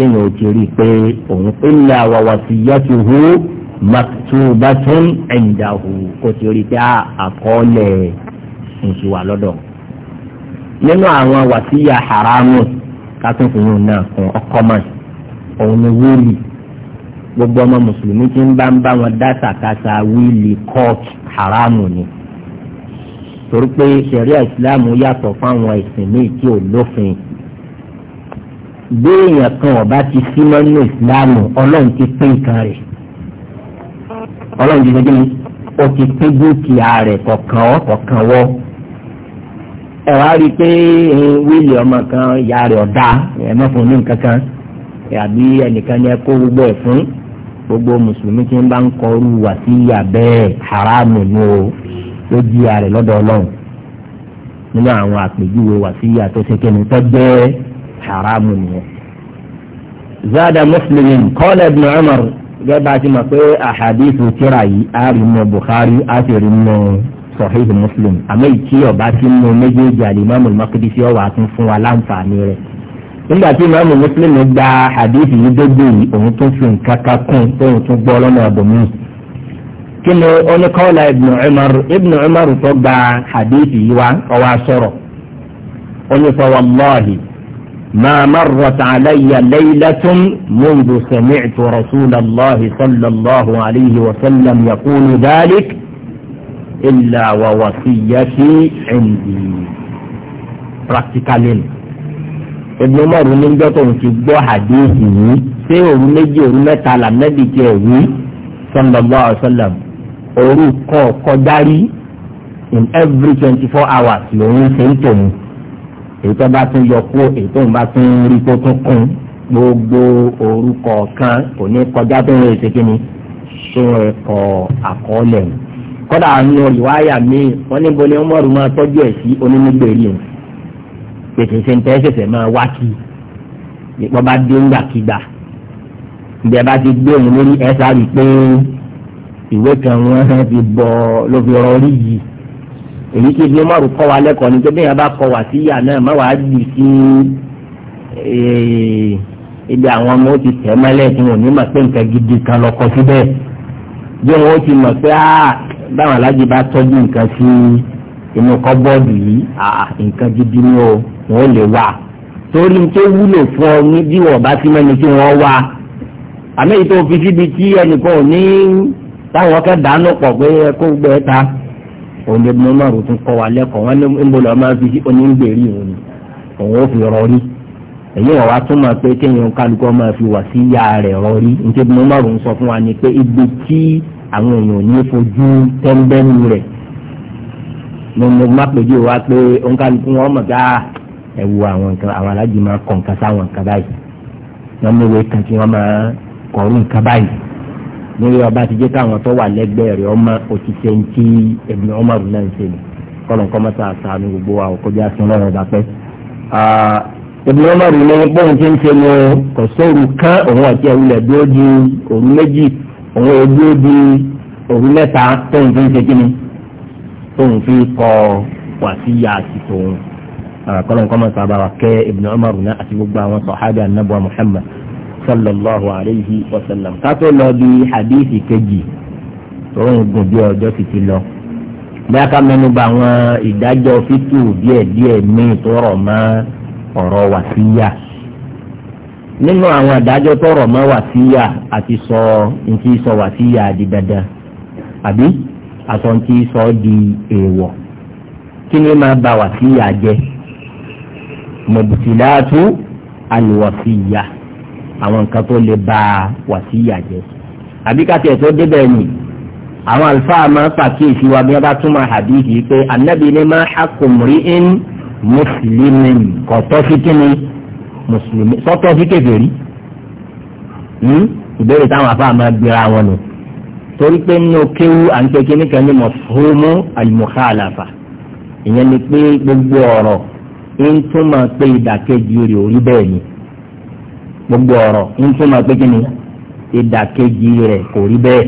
[SPEAKER 1] إنه تريد إلا ووصيته maktubatun indahu kò tí ó rí pé ah, àkọọ́lẹ̀ nṣu wà lọ́dọ̀ nínú àwọn wàsíyà haramu kátùnkùnrin náà fún ọkọ mọ́ òun ni wíìlì gbogbo ọmọ mùsùlùmí tí ń bá ń bá wọn dá sàkásà wíìlì kọ́ọ̀tù haramu ni torí pé sẹ̀ríà ìsìláàmù yàtọ̀ fáwọn ẹ̀sìn míì tí ò lófin béèyàn kan ọba ti símọ́ nínú ìsìláàmù ọlọ́run ti pín nǹkan rẹ̀ ọlọ́run jíjẹ bí o ti pín dúkìá rẹ̀ kọ̀ọ̀kan ọ́ kọ̀ọ̀kan wọ́ ẹ wá rí i pé eh, wíìlì ọmọ kan ìyá rẹ̀ ọ̀dá ẹ má fún ní nǹkan kan àbí ẹnìkan ni ẹ kó gbogbo ẹ̀ fún gbogbo mùsùlùmí tí ń bá ń kọ orú wà sí ìyá bẹ́ẹ̀ haramu ni o ló jí ìyá rẹ̀ lọ́dọ̀ ọlọ́run nínú àwọn àpèjúwe wà sí ìyá tó ṣe kí ni tó jẹ́ haramu ni o. zada muslimin qala ibn umar gẹ́gẹ́ bá a ti mọ̀ pé àhàdíìsì tíra yìí a rí mọ buhari a sì rí mọ sọ̀híìsì muslim àmọ́ ìtí ọ̀bá ti mú méjèèjì àlìmọ́mù mọ́kìdísí ọ̀wà tún fún wa láǹfààní rẹ̀ nígbà tí ìmọ̀mù muslim gba àhàdíìsì yìí dógbò yìí òun tún fi nǹkan kan kún tóun tún gbọ́ lọ́nà àbòmíì kí ni oníkọ́ọ̀lá ibnu umar ibnu umar tó gba àhàdíìsì yìí wá ọwọ́ asọ̀rọ̀ onífọwọ́ mọ́ọ̀hì ما مرت علي ليلة منذ سمعت رسول الله صلى الله عليه وسلم يقول ذلك إلا ووصيتي عندي practically Ibn Umar ní gbọ́ tó ń fi gbọ́ hadithi yìí ṣé òru méjì òru mẹ́ta lànàbì jẹ́ òwú sallallahu alaihi wasallam òru kọ̀ kọjá rí in every twenty four hours lòun ṣe ń tòun èyí tó bá tún yọ kó èyí tó ń bá tún rí tó tún kún gbogbo orúkọ kan kò ní kọjá tó ń rèé sékìní tó ń kọ àkọọ́lẹ̀ nù. kọ́dà àwọn olùwáyà míì wọ́n ní bo ni wọ́n mọ̀rù máa tọ́jú ẹ̀ sí onímọ̀gbèrè o pèsè ṣe ń tẹ́ ṣẹ̀ṣẹ̀ máa wá kí ipò bá dé ńgbàkigbà bí ẹ bá ti gbé òun lórí ẹ sáré pé ìwé kan wọn fi bọ ló rọrí yìí èyí tí ibi ọmọ àrùkọ wa lẹ́kọ̀ọ́ ni pé bí yẹn bá kọ wà sí ìyá náà má wàá jù sí eh, ibi àwọn ọmọ ó ti tẹ̀ mọ́lẹ̀ tí wọn ò ní mọ̀ pé nǹkan gidi kan lọ kọ síbẹ̀ bí wọn ó ti mọ̀ pé ah, báwọn alájí bá tọ́jú nǹkan sí inú kọ́bọ́ọ̀dù yìí nǹkan gidi ni o wọn ò lè wà torí tó wúlò fún ọ ní bí wọn bá sí mẹ́ni tí wọ́n wà àmì ìtò síbi tí ẹnìkan ò ní táwọn kẹ́ dáná pọ̀ pé ẹ kó gbẹ ta. òun ibùdó márù tún kọ́ wa lẹ́kọ̀ọ́ wọn ní bó lọ́ọ́ máa fi onígbèrè òun ni òun ó fi rori èyí wọ́n wá tún máa pé kéèyàn ma fi wà sí ìyá rẹ̀ rọrí ní ibùdó márù ń sọ fún wa ni pé ibi tí àwọn èèyàn ò ní fojú tẹ́ńbẹ́nu rẹ̀ mo mo má pèjú wa pé òǹkàlùkù wọn mọ̀ gáà ah, ẹ wo àwọn nǹkan àwọn alájì ní ọba ti jẹ́ káwọn tó wà lẹ́gbẹ̀ẹ́ rẹ̀ ọmọ òtítẹ́ ń tí ẹ̀mí ọmọ rẹ̀ náà ń ṣe ni kọ́nà kọ́ àtàánú gbogbo wa òkú já sun ọba pẹ́. ẹ̀mí ọmọ ní ti ń kò kán òun àti di òru méjì òun ò dúró di òru mẹ́ta tóun fi ń ṣe kí ni tóun fi kọ àti tòun àbáwá ọmọ náà àti gbogbo àwọn sallallahu alayhi wa sallam kátó lọ bí hadithi kejì tó ń gùn bí ọjọ́ ti ti lọ bóyá ká mẹ́nu bà àwọn ìdájọ́ fítù díẹ̀díẹ̀ míì tó rọ̀ mọ́ ọ̀rọ̀ wàsíyà nínú àwọn àdájọ́ tó rọ̀ mọ́ wàsíyà àti sọ ntí sọ wàsíyà di dandan àbí àsọ ntí sọ di èèwọ̀ kí ni máa ba wàsíyà jẹ́ mọ̀bùtìláàtú àlùwàsíyà àwọn nǹkan tó lè ba wàsíyà jẹ àbí ká tiẹ̀ tó débẹ̀ ni àwọn àlùfáà máa ń pàkíyèsí wa bí wọ́n bá túmọ̀ hadithi pé anabi ni máa hakumri in muslimin kò tọ́ sí kíni mùsùlùmí sọ́tọ́ sí kèfèrí hmm? ìbéèrè táwọn àfáà máa gbéra wọn nù torí pé nínú kéwú à ń pe kíní kan ní mọ̀fóòmù àlùmọ̀kàlàfà ìyẹn ni pé gbogbo ọ̀rọ̀ ń túmọ̀ pé ìdàkejì rẹ̀ ò bẹ́ẹ̀ ni gbogbo ọ̀rọ̀ ń túmọ̀ pé kí ni ìdàkejì rẹ̀ kò rí bẹ́ẹ̀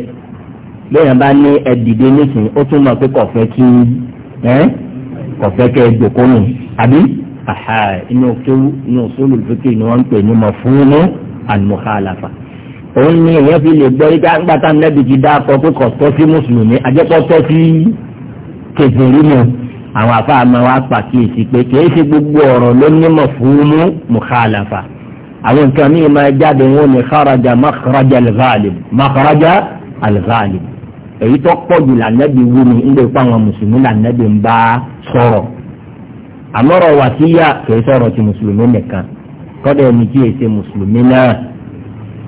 [SPEAKER 1] bẹ́ẹ̀ bá ní ẹ̀dìdé nísìnyí ó túmọ̀ pé kọ̀fẹ́ kí kọ̀fẹ́ kẹ́ ẹgbẹ̀kọ́nù àbí inú kéwú inú sólù fúkì ni wọ́n ń pè ní mafunu al-mukhalafa òun ni èèyàn fi lè gbọ́ yíká gbàtà nẹ́bi ti dá akọ pé kò tọ́ sí mùsùlùmí àjẹpọ̀ tọ́ sí kẹfìrí mu àwọn afáàmà wa pàkíyèsí pé kìí ṣe gbogbo ọ̀rọ̀ ló ní mafunu mukhalafa àwọn nǹkan míì máa jáde wọn ni kharaja makharaja al-ghalib makharaja al-ghalib èyí tó pọ̀ jù lànàbí wú ni ń gbé pa àwọn mùsùlùmí lànàbí ń bá sọ̀rọ̀ àmọ́rọ̀ wàsíyà kìí sọ̀rọ̀ ti mùsùlùmí nìkan kọ́dọ̀ ẹni tí èsè mùsùlùmí náà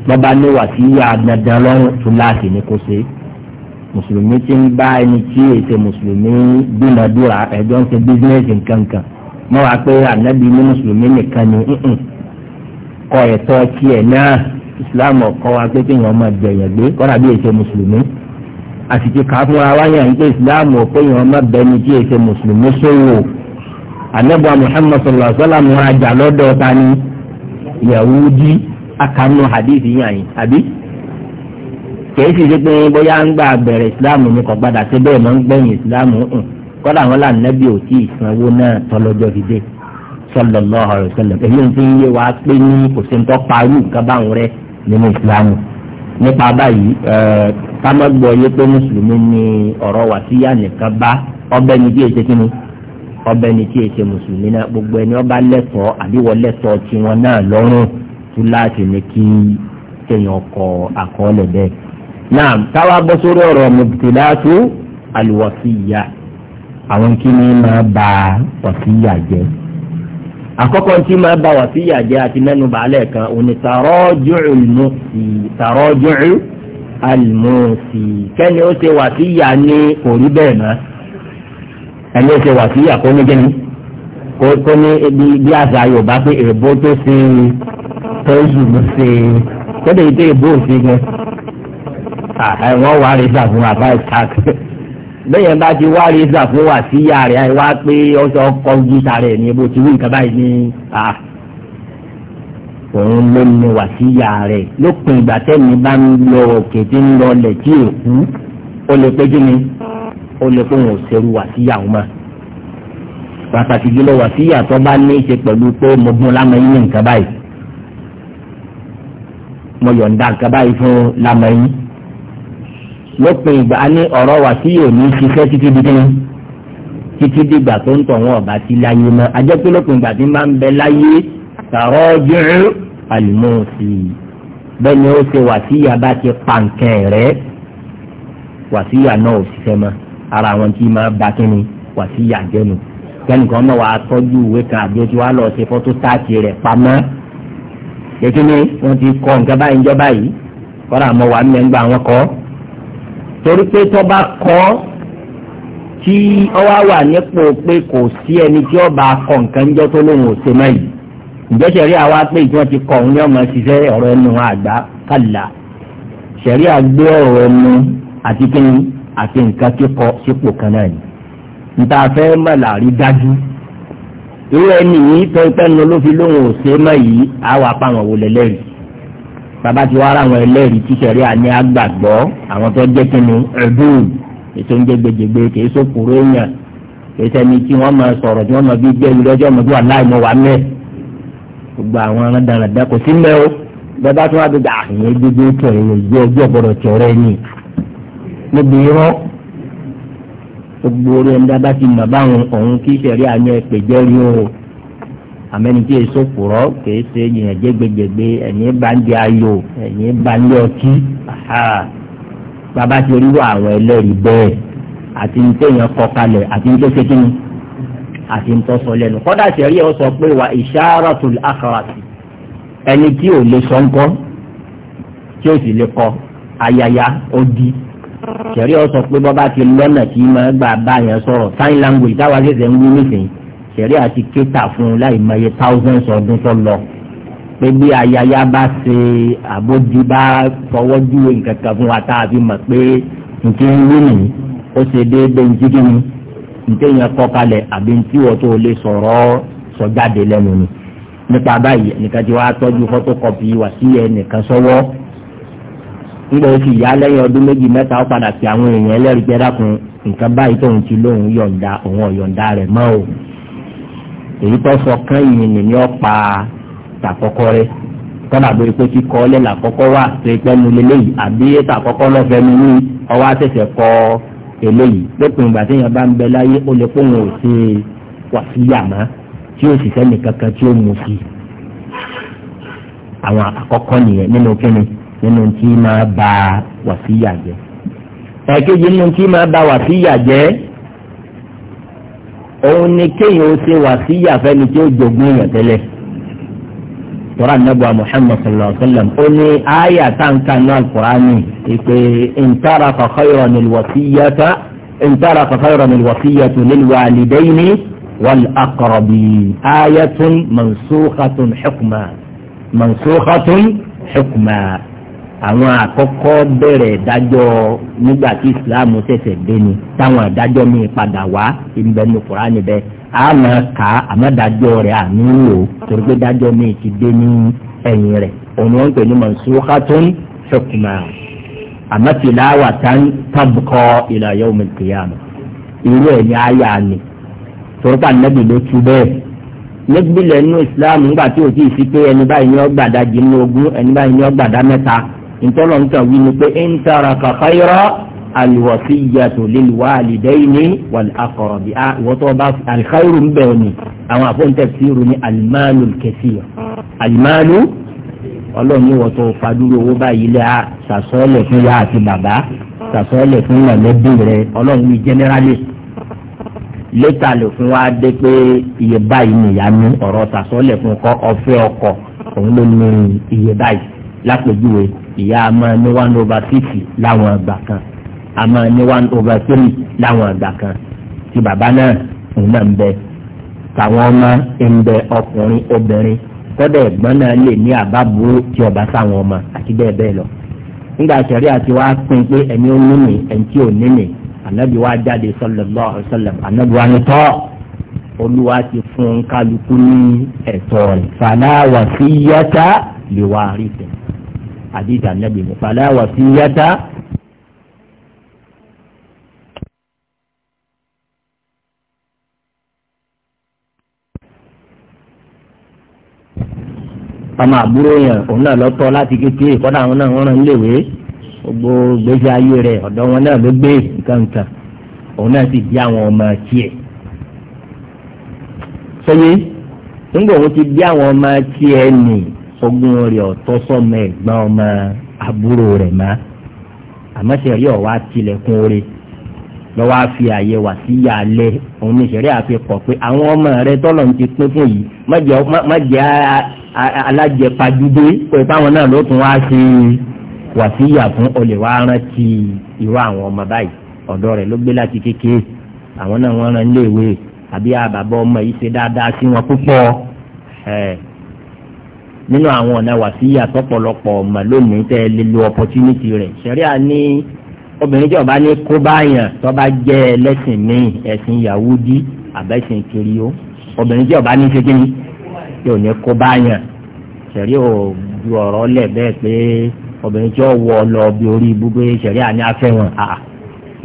[SPEAKER 1] bàbá ní wàsíyà dandan lọ́rùn tún láti ní kó ṣe mùsùlùmí ti ń bá ẹni tí èsè mùsùlùmí dúnadúrà ẹjọ́ ń ṣe bísíǹnẹ̀sì nǹkan mọ́ wa pé ànábì ní mùsùlùmí nìkan ni kọ ẹ̀tọ́ tiẹ̀ náà islam ọkọ wa pé kéèyàn máa gbé kọ́ra bí èsè mùsùlùmí àsìkò káfíńra wáyà ń pé islam ọkọ èèyàn máa bẹni tí èsè mùsùlùmí sówò anabu muhammad sallallahu alaihi wa sallam wọn ajá lọ́dọ̀ ta ni yahudi akanu hadithi yàn yìí àbí kìí ṣe pé bóyá ń gbà ni kò gbàdá síbẹ̀ mọ́ ń gbẹ̀yìn wọn là sallallahu alaihi wasallam èmi ń fi ń yé wa pé ní kò sí ń tọ́ parú nǹkan báwọn nínú nípa báyìí ká má gbọ́ yé pé mùsùlùmí ni ọ̀rọ̀ wà sí yá nìkan bá ọbẹ̀ ni ni tí mùsùlùmí náà gbogbo ẹni ọba lẹ́tọ̀ọ́ àbíwọ tiwọn náà ni kí náà táwa sórí àwọn kí ni máa ba àkọ́kọ́ tí máa bá wà sí ìyàjẹ́ àti mẹ́nu bàálẹ̀ kan òní tàrọ́jùrù mùsì tàrọ́jùrù àlùmùsì kẹ́ni ó ṣe wà sí ìyà ní kò rí bẹ́ẹ̀ mọ́ ẹni ó ṣe wà sí ìyà kó ní gẹ́ni kó ní bí àṣà yorùbá pé èèbó tó ṣe tó yù mú ṣe kódé ìdé èèbó òṣèlú ẹ̀wọ̀n wà rí sàfún àbá ìtàkì bẹ́yẹn bá ti wá rí ìgbà fún wa sí ìyá rẹ̀ wá pé ọ̀sọ̀ ọkọ̀ ojú sáré ni bó ti wí nǹkan báyìí ní à òun ló ní wà sí ìyá rẹ̀ lópin ìgbà tẹ́mi bá ń lọ òkè tí ń lọ lẹ̀ tí èkú ó lè pé kí ni ó lè fóun òṣèlú wà sí ìyàwó mọ́ pàtàkì jùlọ wà sí ìyá tó bá ní í ṣe pẹ̀lú pé mo bún lámẹ́yìn ní nǹkan báyìí mo yọ̀ǹda nǹkan báyìí fún lámẹ́yìn lópin ìgbà ní ọ̀rọ̀ wà tí yóò ní ṣiṣẹ́ títí di kíni títí di ìgbà tó ń tọ̀ wọn ọ̀bà ti láyé mọ́ ajẹ́ pé lópin ìgbà tí ń bá ń bẹ láyé tààrọ́ jùlọ àlùmọ́ọ̀sì bẹ́ẹ̀ ni ó ṣe wà tí ìyá bá ti pa nǹkan rẹ̀ wà tí ìyá náà ò ṣiṣẹ́ mọ́ ara àwọn tí máa ba kíni wà tí ìyá jẹ́nu kẹ́nìkan náà wàá tọ́jú ìwé kan àbí ojú wa lọ ṣe fọ́tò táàkì rẹ̀ pamọ́ kékeré wọ́n ti kọ́ nǹkan báyìí ń jọ́ báyìí kọ́ra àmọ́ wàá mẹ́ngbà wọn kọ́ torí pé tó bá kọ́ tí ọwá wà nípò pé kò sí ẹni tí ọba akọ nǹkan jọ tó lóun ò ṣe mọ́ yìí ǹjẹ́ sẹ̀rí àwa pé ìjọ ti kọ̀ ní ọmọ ṣiṣẹ́ ọ̀rọ̀ ẹnu àgbà kàlà sẹ̀rí àgbé ọ̀rọ̀ ẹnu àti kíni àti nǹkan kíkọ sípò kan náà ni níta fẹ́ mọ̀ làrí dájú irú ẹni yìí tó ń ló fi lóun ò ṣe mọ́ yìí àwa pa àwọn lẹ́lẹ́rìí bàbá ti wá ara àwọn ẹlẹ́rìí tí sẹ̀rí àní àgbàgbọ́ àwọn tó jẹ́ kí ni ẹ̀dùn ètò oúnjẹ gbèjègbè kìí sókòrò èèyàn kìí sẹ́ni tí wọ́n máa sọ̀rọ̀ tí wọ́n máa bí gbé ìlọ́jọ́ ọmọdé wà láì mọ́ wà mẹ́ gbogbo àwọn aráàlú kò sí mẹ́ o bàbá tó wà dùgbà àyè gbogbo tó ẹ̀yẹ yọ ojú ọ̀gbọ̀dọ̀ tó ni níbi irọ́ gbogbo orí ẹni dábàá ti mọ̀ báwọn òun kí sẹ̀rí àní ẹ̀pẹ̀jẹ́ rí o àmẹ́ni tí èso kùrọ́ kìí ṣe ènìyàn jẹ́gbẹ́jẹ́gbẹ́ ẹ̀yìn bá ń di ayò ẹ̀yìn bá ń lé ọtí bàbá ti oríwọ àwọn ẹlẹ́rìí bẹ́ẹ̀ àti ní téèyàn kọ kalẹ̀ àti ní tó ṣe kíni àti ní tó sọ lẹ́nu kọ́dà sẹ́rí ọ sọ pé wà ìṣàràtù àkàràtì ẹni tí ò lè sọ ńkọ́ tí ó sì lè kọ ayaya ó di sẹ́rí ọ sọ pé bọ́bá ti lọ́nà tí máa gbà bá yẹn sọ̀rọ̀ sign language táwa ṣẹ̀ṣẹ̀ ń wí nísìnyí sẹ̀rí àti kéta fún un láì mọye thousands ọdún tó lọ pé bí ayaya bá ṣe àbójú bá fọwọ́ júwe nǹkan kan fún wa tá a fi mọ̀ pé nǹkan ń wí nìyí ó ṣe déédéé nǹkan kí ni nǹkan yẹn kọ́ kalẹ̀ àbí tí wọ́n tó lè sọ̀rọ̀ sọ lẹ́nu ni nípa báyìí ẹnìkan ti wá tọ́jú photocopy wà sí ẹnìkan sọ́wọ́ nígbà ó fi yá lẹ́yìn ọdún méjì mẹ́ta ó padà sí àwọn èèyàn ẹlẹ́rìí jẹ́ dákun nǹkan báyìí tóun ti lóun yọ̀ǹda òun ọ̀yọ̀ǹda rẹ̀ mọ́ òun èyí tó sọ kán yìí nìyí ọ̀pá tàkọ́kọ́ rẹ kọ́nà àbẹ̀rẹ̀ pé kíkọ́ ọlẹ́ làkọ́kọ́ wà tó ẹgbẹ́ nu lélẹ́yìí àbí tàkọ́kọ́ lọ́fẹ̀ẹ́ nu ní ọwọ́ àtẹ̀sẹ̀ kọ́ eléyìí lópin ìgbà téèyàn bá ń bẹ láyé ó lè pòun ò ṣe wàsíyà mọ́ tí ó sì sẹ́ni kankan tí ó mú sí i àwọn àkọ́kọ́ nìyẹn nínú kíni nínú tí máa ba wàsíyà jẹ́ ẹ̀kejì nínú tí máa ba wàsíyà jẹ́ òun ni kéèyàn ó ṣe wàsíyà fẹ́ni tí ó jogún èèyàn tẹ́lẹ̀ tọ́ra nàbọ̀ muhammed sallallahu alayhi wa sallam ó ní àyà táǹkà náà kùránì ìpè ntara kọ̀kọ́yọ̀ nílùwàsíyàtà ntara kọ̀kọ́yọ̀ nílùwàsíyàtà nílùwàlídẹ́yìní wàlàkọ̀rọ̀bì àyà tún mọ̀nsúkàtún xukuma mọ̀nsúkàtún xukuma àwọn àkọ́kọ́ bẹ̀rẹ̀ ìdájọ́ nígbà tí islam ṣẹ̀ṣẹ̀ dé ni táwọn ìdájọ́ mi padà wá ìbẹ̀nu kùránì bẹ́ẹ̀ a máa kà á àmọ́ ìdájọ́ rẹ̀ àmì ń lò torí pé ìdájọ́ mi ti dé ní ẹ̀yìn rẹ̀ òun wọn pè ní mansukhatun hukma àmọ́ tilawatan tabqa ila yawm al-qiyamah irú ẹ̀ ní àyà ni torí pé ànábì ló tu bẹ́ẹ̀ nígbìlẹ̀ nínú islam nígbà tí ò tí ì sí ntọ́lọ̀ nǹkan wí ni pé ń tara kàkàyọ́rọ́ alwasiyatu lil walidayni wal aqrabi ìwọ́tọ́ bá alikairu ń bẹ̀rù ni àwọn àfọ̀ǹtẹ̀ fìrù ni alimalu kẹsíọ̀ alimalu ọlọ́ọ̀ni ìwọ́tọ́ fadúró owó báyìí lẹ́yà sàsọ́ọ̀lẹ̀ fún yá àti bàbá sàsọ́ọ̀lẹ̀ fún mọ̀lẹ́bí rẹ ọlọ́ọ̀ni jẹ́nẹ́rálì lẹ́tà lè fún wa dé pé iye báyìí nìyá ní ọ̀rọ̀ sàsọ́ọ̀lẹ̀ fún kọ́ ọ̀fẹ́ ọkọ̀ òun ló ní iye báyìí lápèjúwe ìyá a máa ní one over six láwọn àgbà kan a máa ní one over three láwọn àgbà kan tí bàbá náà ń náà ń bẹ tàwọn ọmọ ń bẹ ọkùnrin obìnrin kọ́dọ̀ ẹ̀gbọ́n náà lè ní àbábúrò tí ọba sáwọn ọmọ àti bẹ́ẹ̀ bẹ́ẹ̀ lọ. nígbà sẹ̀rí àti wá pín pé ẹni ó nímì ẹni tí ò nímì ànábi wá jáde sallallahu alaihi wasallam ànábi wá ní tọ́ olúwa ti fún kálukú ní ẹ̀tọ́ rẹ̀ fàlà wàsíyàtà lè wà rí tẹ̀. حديث النبي mi fàlà wàsíyàtà. ọmọ àbúrò yẹn òun náà lọ tọ́ láti kékeré kọ́dà àwọn náà wọ́n rán iléèwé gbogbo gbèsè ayé rẹ̀ ọ̀dọ̀ wọn náà ló gbé nǹkankan òun náà sì bí àwọn ọmọ tiẹ̀. sọyé nígbà òun ti bí àwọn ọmọ tiẹ̀ nìyí ọgbọ́n rẹ̀ ọ̀tọ́ sọ́mọ ẹ̀gbọ́n ọmọ àbúrò rẹ̀ má àmọ́sẹ̀ rí ọ̀wá tilẹ̀kùn orí lọ́wọ́ àfi àyè wà sí ìyá alẹ́ òun ní ìṣẹ̀rí àfikọ̀ pé àwọn ọmọ rẹ tọ́lọ̀ ń ti pín fún yìí má jẹ́ alájẹpajúdé pé báwọn náà ló tún wá sí wà sí ìyá fún olè wá rántí irú àwọn ọmọ báyìí ọ̀dọ́ rẹ̀ ló gbé láti kékeré àwọn náà wọ́n ran iléèwé àbí àbàbọ̀ ọmọ yìí ṣe dáadáa sí wọn púpọ̀ nínú àwọn ọ̀nà wàsíyà tọ́pọ̀lọpọ̀ ọ̀mà lónìí tẹ́ lè lo opportunity rẹ̀ sẹ́ríà ní obìnrin tí ọba ní kó báyàn tó bá jẹ́ ẹlẹ́sìn míì ẹ̀sìn yahudi àbẹ́sìn kiri ó obìnrin tí ọba ní ṣe kíni tí ò ní kó báyàn sẹ́rí ò ju ọ̀rọ̀ lẹ̀ bẹ́ẹ̀ pé obìnrin tí ó wọ lọ bí orí ibú pé sẹ́ríà ní afẹ́wọ̀n à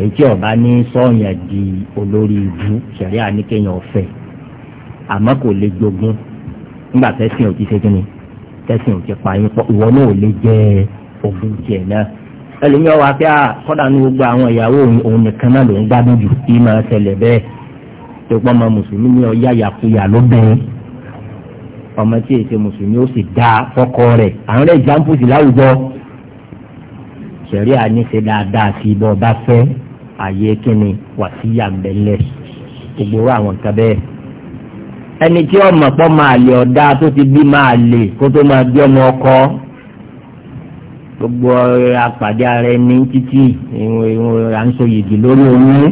[SPEAKER 1] èyí ọba ní sọ̀yàn di olórí ibú sẹ́ríà ní kéèyàn ọ̀fẹ́ àmọ́ kò lè jogún nígbà fẹ́ sìn òtí ṣe kíni tẹ̀sìn ti pa yín pọ̀ ìwọ náà ò lè jẹ́ ogún tiẹ̀ náà ẹlòmíràn wá pé ah, kọ́dà ní gbogbo àwọn ìyàwó òun nìkan náà ló ń gbádùn jù kí máa ṣẹlẹ̀ bẹ́ẹ̀ tó pọ́ ọmọ mùsùlùmí ní ọyá yàkuyà lóbìnrin ọmọ tí èsè mùsùlùmí ó sì dáa fọ́kọ rẹ̀ àwọn rẹ̀ examples láwùjọ sẹ̀rí àníṣe dáadáa sí ibọ̀ bá fẹ́ àyè kíni wàsíyà bẹ́lẹ̀ gbogbo àwọn nǹkan bẹ́ẹ̀ ẹni tí ọmọ pọ máa lè ọdá tó ti bí máa lè kó tó máa bí ọmọ ọkọ gbogbo apàdé ara ẹni títí ìwọ̀n àǹsọ yìgì lórí oyún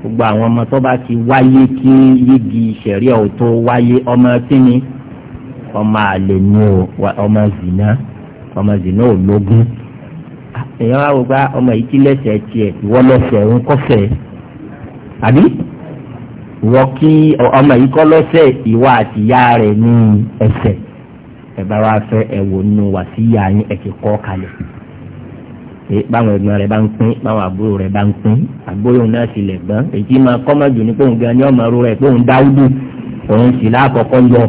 [SPEAKER 1] gbogbo àwọn ọmọ tó bá ti wáyé kí yìgì ìṣẹ̀ríà ò wáyé ọmọ kíni ọmọ àlè ni ọmọ zìnà ọmọ zìnà ò lógún èèyàn wá wò ọmọ yìí kí lẹ́sẹ̀ tiẹ̀ ìwọ́ lẹ́sẹ̀ òun kọ́fẹ̀ẹ́ àbí wọ́n kí ọmọ yìí kọ́ lọ́sẹ̀ ìwọ àti ìyá rẹ̀ ní ẹsẹ̀ ẹ bá wá fẹ́ ẹ wò nínú wà sí ìyá yín ẹ ti kọ́ kalẹ̀ báwọn ẹ̀gbọ́n rẹ̀ bá ń pín báwọn àbúrò rẹ̀ bá ń pín àbúrò náà sì lẹ̀ gbọ́n èyí máa kọ́ mọ́ jù ní pé òun gan ni ọmọ rẹ̀ pé òun dáúdù òun sì lákọ̀ọ́kọ́ yọ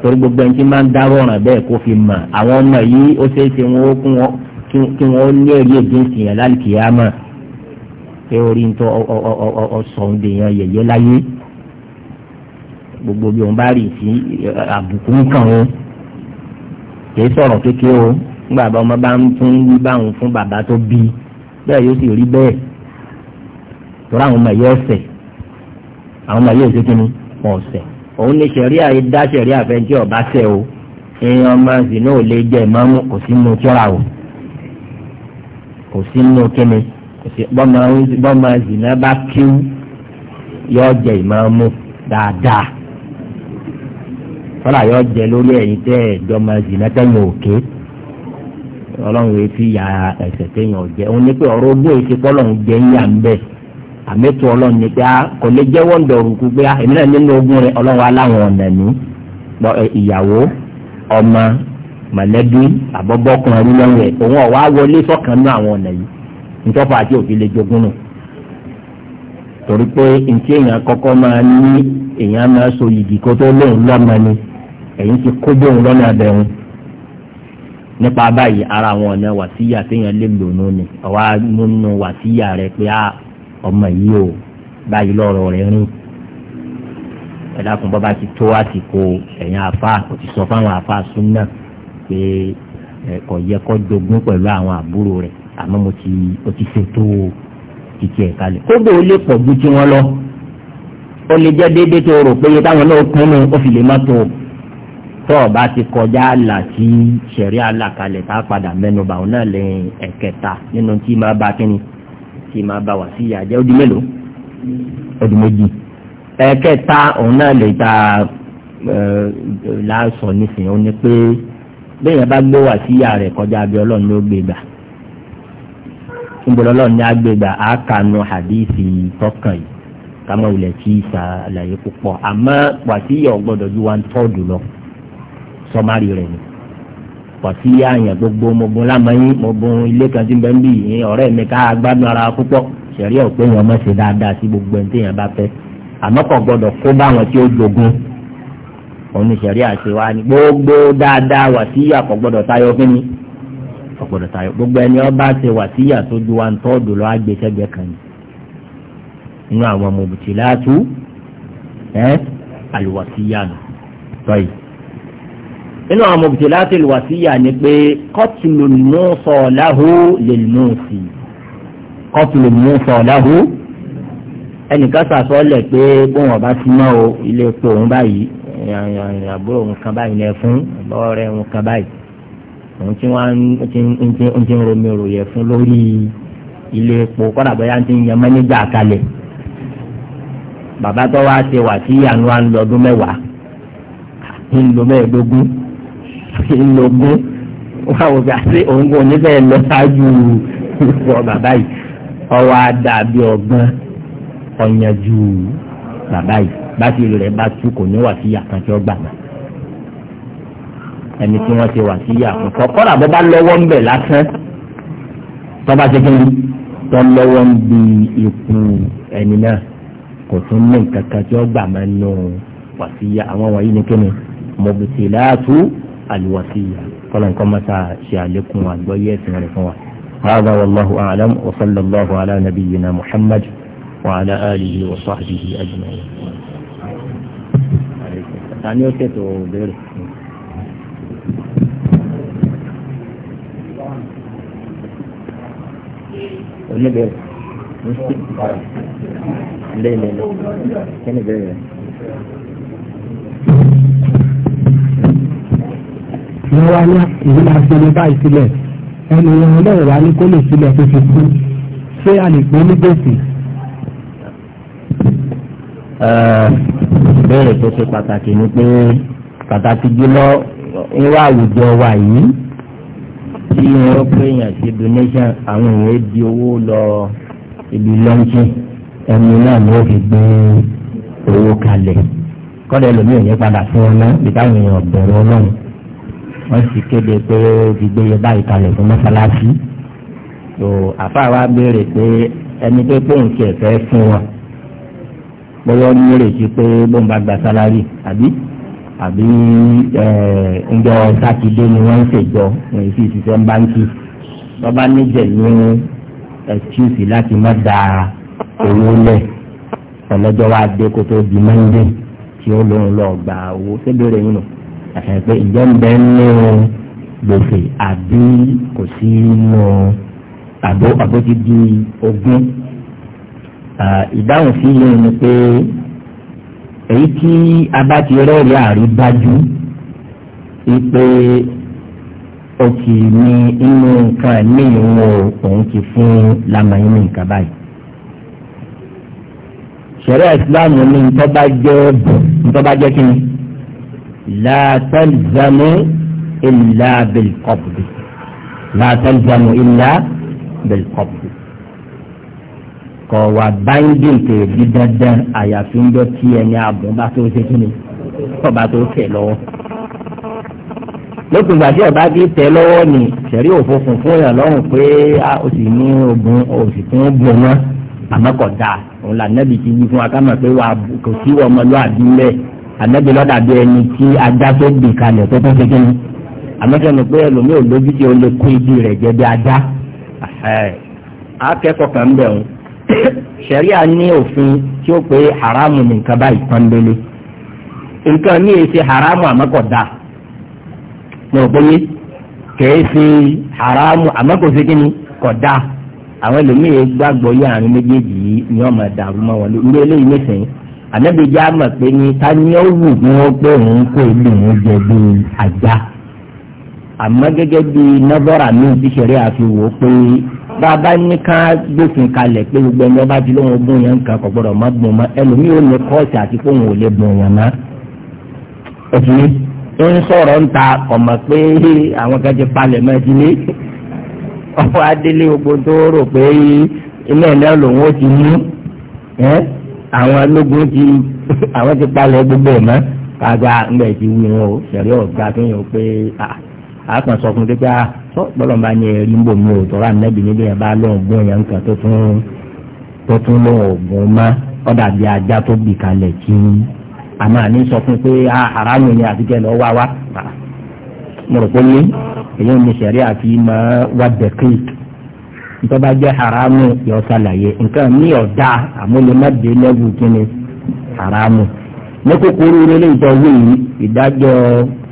[SPEAKER 1] torí gbogbo ẹni tí máa ń dárò ọ̀ràn bẹ́ẹ̀ kó fi mọ̀ àwọn ọmọ yìí ó ṣeé ṣe wọn ó kún wọn kí wọn ó ní èrè èdè ìsìn pé orí ń tọ́ ọ̀sán bèèyàn yẹ̀yẹ́ láyé gbogbo bí òun bá rì sí àbùkù nǹkan o kì í sọ̀rọ̀ kékeré o nígbà bá ọmọ bá ń tún wí báwọn fún bàbá tó bí bẹ́ẹ̀ yóò sì rí bẹ́ẹ̀ tọ́ra àwọn ọmọ ẹ̀yẹ ọ̀sẹ̀ àwọn ọmọ ẹ̀yẹ ọ̀sẹ̀ kínní ọ̀sẹ̀ òun ní sẹ̀ríà dá sẹ̀ríà fẹ́ jẹ́ ọ̀bá sẹ̀ o èèyàn ọmọ sì náà lè jẹ́ ìmọ̀mú kò sínú kíra o kò sínú kíni bọ́mọ zìnà bá kíw yọ jẹ ìmáàmù dáadáa fọlá yọ jẹ lórí ẹ̀yin tẹ ẹ̀jọ́ máa zìnà òkè ọlọ́run fi ya ẹ̀sẹ̀ tẹ́yìn ọ̀jẹ́ òun ní pé ọ̀rọ̀ ogún èyí ti kọ́ ń yà ń bẹ̀ àmẹ́tò ọlọ́run pé kò lè pé èmi náà nínú ogún ọlọ́run aláwọn ntọ́fà àti òfin lè jogún nù torí pé ntí èèyàn kọ́kọ́ máa ní èèyàn máa so yìgì kó tó lóun lọ́mọ ni èyí ti kó bóun lọ́nà abẹ́hùn nípa báyìí ara àwọn ọ̀nà wàsíyà téèyàn lè lò nù ni ọ̀wá nínú wàsíyà rẹ pé a ọmọ yìí o báyìí lọ́rọ̀ rẹ rìn ẹ̀dá kan bọ́ba ti tó àsìkò ẹ̀yìn àfa kò ti sọ fáwọn àfa súnà pé ẹ̀kọ́ yẹ kó jogún pẹ̀lú àwọn àbúrò rẹ̀ àmọ́ mo ti mo ti ṣètò títí ẹ̀ kalẹ̀ kógbó ó lè pọ̀ ju tí wọ́n lọ ó lè jẹ́ déédéé tó rò pé iye táwọn náà pinnu ó fi lè má tó o tó o bá ti kọjá àlà tí sẹ̀rí àlà kalẹ̀ tá a padà mẹ́nuba òun náà lè ẹ̀kẹta nínú tí máa bá kínní tí máa bá wà sí ìyàjẹ́ ó di mélòó ó di méjì ẹ̀kẹta òun náà lè ta láàsọ nísìnyí ó ní pé bẹ́ẹ̀ yẹn bá gbé wà sí ìyá rẹ̀ kọjá abẹ́ ńbọ̀lọ́lọ́ ní agbègbè àákànú hadithi tọkàn yìí kàmá wulẹ̀ tí ìsàlàyé púpọ̀ àmọ́ wàsíyà ọgbọ́dọ̀ ju wa ń tọ́jú lọ sọmárì rẹ̀ ni wàsíyà àyàn gbogbo mọ̀gbọ́n lámọ́yìn mọ̀gbọ́n ilé kan tí ń bẹ ń bì yín ọ̀rẹ́ mi ká gbádùn ara púpọ̀ sẹ̀rí ọ̀pẹ́ yẹn ọmọ ṣe dáadáa sí gbogbo ẹni téèyàn bá fẹ́ àmọ́ kò gbọ́dọ̀ kó bá wọn tí ó jogun òun ni sẹ̀rí àṣewá ni gbogbo dáadáa wàsíyà kò gbọ́dọ̀ tayọ fún mi ọ̀gbọ̀dọ̀ tayọ gbogbo ẹni ọba ṣe wà sí yàtọ̀ ju wa ń tọ́ọ̀dù lọ agbésẹ́gbẹ́ kan ni inú àwọn ọmọ òbítí láàtú ẹ àlùwàsíyà nù tọ́yì inú àwọn ọmọ òbítí láàtú àlùwàsíyà ni pé kọ́tùlù mú sọ ọ̀láhù lè ẹnìkan sàsọ́ọ̀lẹ̀ pé bóun ọba ti mọ́ o ilé epo òun báyìí àbúrò òun kan báyìí lẹ fún ọ̀rẹ́ òun kan báyìí òun tí wọ́n ń ti ń romi ròyẹ̀ fún lórí ilé epo kọ́dà bóyá ń ti ń yan mẹ́nẹ́jà kalẹ̀ bàbá tó wá ṣe wà sí àánú à ń lọ ọdún mẹ́wàá ń lo mẹ́ẹ̀ẹ́dógún ń lo ogún wọ́n àwọn òbí àti òun kò ní bẹ́ẹ̀ lọ ṣáájú ìfọ̀ bàbá yìí ọwọ́ àdàbí ọgbọ́n ọ̀yànjú bàbá yìí bá ti rẹ̀ bá tú kò ní wà sí àkànṣe ọgbà náà ẹni tí wọ́n ti wà sí yà fún kọ́ kọ́ra bọ́ bá lọ́wọ́ ń bẹ̀ lásán tọ́ba ṣe kí tọ́ lọ́wọ́ ń bi ikú ẹni náà kò tún ní nǹkan kan tí ó gbà máa ń nù wà sí yà àwọn wọ̀nyí ni kí ni mọ̀bùtì láàtú àlùwàsíyà kọ́lá nǹkan mọ́ta ṣe àlékún àgbọ́yé ẹ̀sìn rẹ̀ fún wa. هذا والله أعلم وصلى الله على نبينا محمد وعلى آله وصحبه أجمعين. oníbẹ̀rẹ̀ lẹ́lẹ́lẹ́ kí ni bẹ́ẹ̀ rẹ̀. wọ́n wá ní ìwé máa ṣe ní báyìí sílẹ̀ ẹnu wọn náà wá ní kó lè sílẹ̀ tó fi kú ṣé a lè pé ní gbèsè. ìbéèrè tó ṣe pàtàkì ni pé pàtàkì jùlọ irú àwùjọ wa yìí tí wọ́n pè yàn sí donation àwọn èèyàn di owó lọ ibi lọ́ńkì ẹni náà ni ó fi gbé owó kalẹ̀ kọ́dọ̀ ẹlòmíì ò ní padà fún wọn náà bí táwọn èèyàn bẹ̀rù ọlọ́run wọ́n sì kéde pé ó ti gbé yẹ báyìí kalẹ̀ fún mọ́sálásí tó àfa wa béèrè pé ẹni tó pé nǹkan ẹ̀fẹ́ fún wọn bọ́wọ́ ní ìrètí pé bóun bá gba sálárì àbí àbí eh, ǹjọ́ sátidé ni wọ́n ń ṣèjọ ní ìfi ìṣiṣẹ́ ń báńkì bàbá níjẹ̀ ní ẹ̀kíùsì láti má da owó lẹ̀ ọlọ́jọ́ wa dé kó tó di mọ́ndé tí ó lóun lọ gba owó sébèrè yìí nù ẹ̀hẹ̀ pé ìjọ ń bẹ nínú gbèsè àbí kò sí nínú àbó àbó ti di ogún ah, ìdáhùn sí yìí ni pé èyí tí a bá ti rẹ́ẹ̀rí àrídájú wípé ó ti ní inú nǹkan ní ìwọ̀n òun ti fún lamẹ́yìn ní nǹkan báyìí. ṣẹ̀rẹ́ ìsìláàmù ní ntọ́ba jẹ́ jẹ́ kí ni látàlzámù ìlà bẹ̀lkọ́pù látàlzámù ìlà bẹ̀lkọ́pù kọ̀ọ̀kan wa báyìí kè bí dandan àyàfi ń jọ tí ẹni ààbùn bá tó ṣe kí ni ọba tó tẹ̀ lọ́wọ́. lókun ìgbà ọba ti tẹ̀ lọ́wọ́ ni sẹ̀rí òfófun fún èèyàn lọ́rùn pé a ò sì ní ogun òsì fún gbọ̀n wọn àmọ́ kò dáa òun là nẹ́bi ti yí fún wa ká mọ̀ pé wà kò sí ọmọlúwàbí lẹ̀ ànẹ́bi lọ́dà bí ẹni tí ajá tó bì kalẹ̀ tó tó ṣe kí ni àmọ́ sẹ́nu pé ẹlòmíì ò lójú tí ó lè kó ibi rẹ̀ jẹ́ bí ajá akẹ́kọ̀ọ́ kan bẹ̀ wọn ṣẹ̀ríà ní òfin tí ó pé haramu ní nǹkan báyìí tán délé nǹkan ní èsì haramu àmọ́kọ̀dá ní òpóyé kèé sí haramu àmọ́kọ̀sí kí kọ̀dá àwọn ẹlòmíì gbàgbọ́ yé àrùn méjèèjì yìí ni wọ́n máa dàrú mọ́ wọn eléyìí nísìnyí ànábìjá mọ̀ pé ní ta wù kí wọ́n pé òun kò lè wọ́n jẹ bí ajá àmọ́ gẹ́gẹ́ bàbá ní ká gbófin kalẹ̀ pé gbogbo ẹni ọba ti lóun ogún yẹn nǹkan kò gbọdọ̀ má gbọ́n mọ́ ẹlòmíì ò ní kọ́ọ̀sì àti pé òun ò lè gbọ́n yẹn mọ́. òtún ń sọ̀rọ̀ ń ta ọ̀mọ̀ pé àwọn kan ti palẹ̀ mọ́ ẹtí ní ọ̀pọ̀ adélé gbogbo tó rò pé iná ẹ̀ náà lòun ó ti mú àwọn ológun ti àwọn ti palẹ̀ gbogbo ẹ̀ mọ́ àgbà ńgbẹ̀ ti wí wọn o ṣẹ̀rí ọ̀gá tó yàn pé a sọ fún pípẹ́ ah, bọ́lọ̀ bá ní ẹ̀rí ń bò mí ò tọ́ra nẹ́bí ya ẹ̀ bá lọ́hùn gbọ́n yẹn nǹkan tó tún tó tún lọ́hùn gbọ́n má ọ̀dà bíi ajá tó bì kalẹ̀ kí àmọ́ àní sọ fún pé ah, haramu ni àtijọ́ lọ wá wá ah, mo rò pé ní èyí ni sẹ̀rí haramu sálàyé nǹkan mi ò dáa àmúlẹ̀ má dé lẹ́wù kí haramu. ní kúkúrú ilé ìtọ́jú yìí ìdájọ́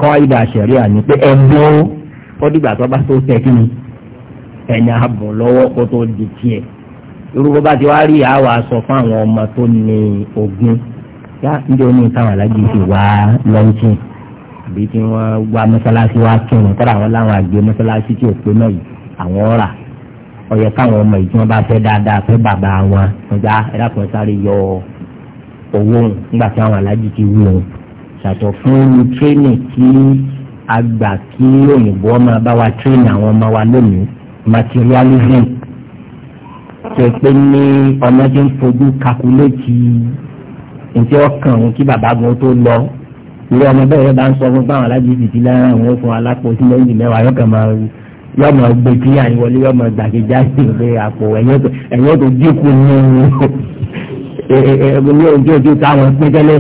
[SPEAKER 1] kọ́ ìdá àṣẹríà ni pé ẹ̀bùn fọ́dígbà tó bá tó tẹ̀ kí ni ẹ̀yìn ààbùn lọ́wọ́ kó tó di tiẹ̀ irú bó bá ti wá rí àwa sọ fún àwọn ọmọ tó ní ogún yá níbi oní táwọn alájí ti wá lọ́ńtì àbí tí wọ́n wá mọ́sálásí wá kírun tọ́ra àwọn láwọn àgbẹ̀ mọ́sálásí tí ò pé náà yìí àwọn ọ̀rà ọ̀yẹ káwọn ọmọ yìí tí wọ́n bá fẹ́ dáadáa fẹ́ bàbá wọn ọjà owó òun nígbà tí àwọn aláàjì ti wú òun ṣàtọ̀ fún irú tírénì tí a gbà kí òyìnbó ọmọ bá wa tírénì àwọn ọmọ wa lónìí materialism tó pé ní ọmọ tí ń fojú kakuléètì ntí ọkàn òun kí bàbá gan tó lọ ilé ọmọ bẹ́ẹ̀ yẹn bá ń sọ fún báwọn aláàjì ti ti lára àwọn fún alápò sí lẹ́yìn mẹ́wàá yọkàn máa wù yọmọ gbé kí àyíwọlé yọmọ gbàgbé jáde pé àpò ẹ̀yẹ́ tó dínkù ní ní ojú ojú táwọn pín tẹ́lẹ̀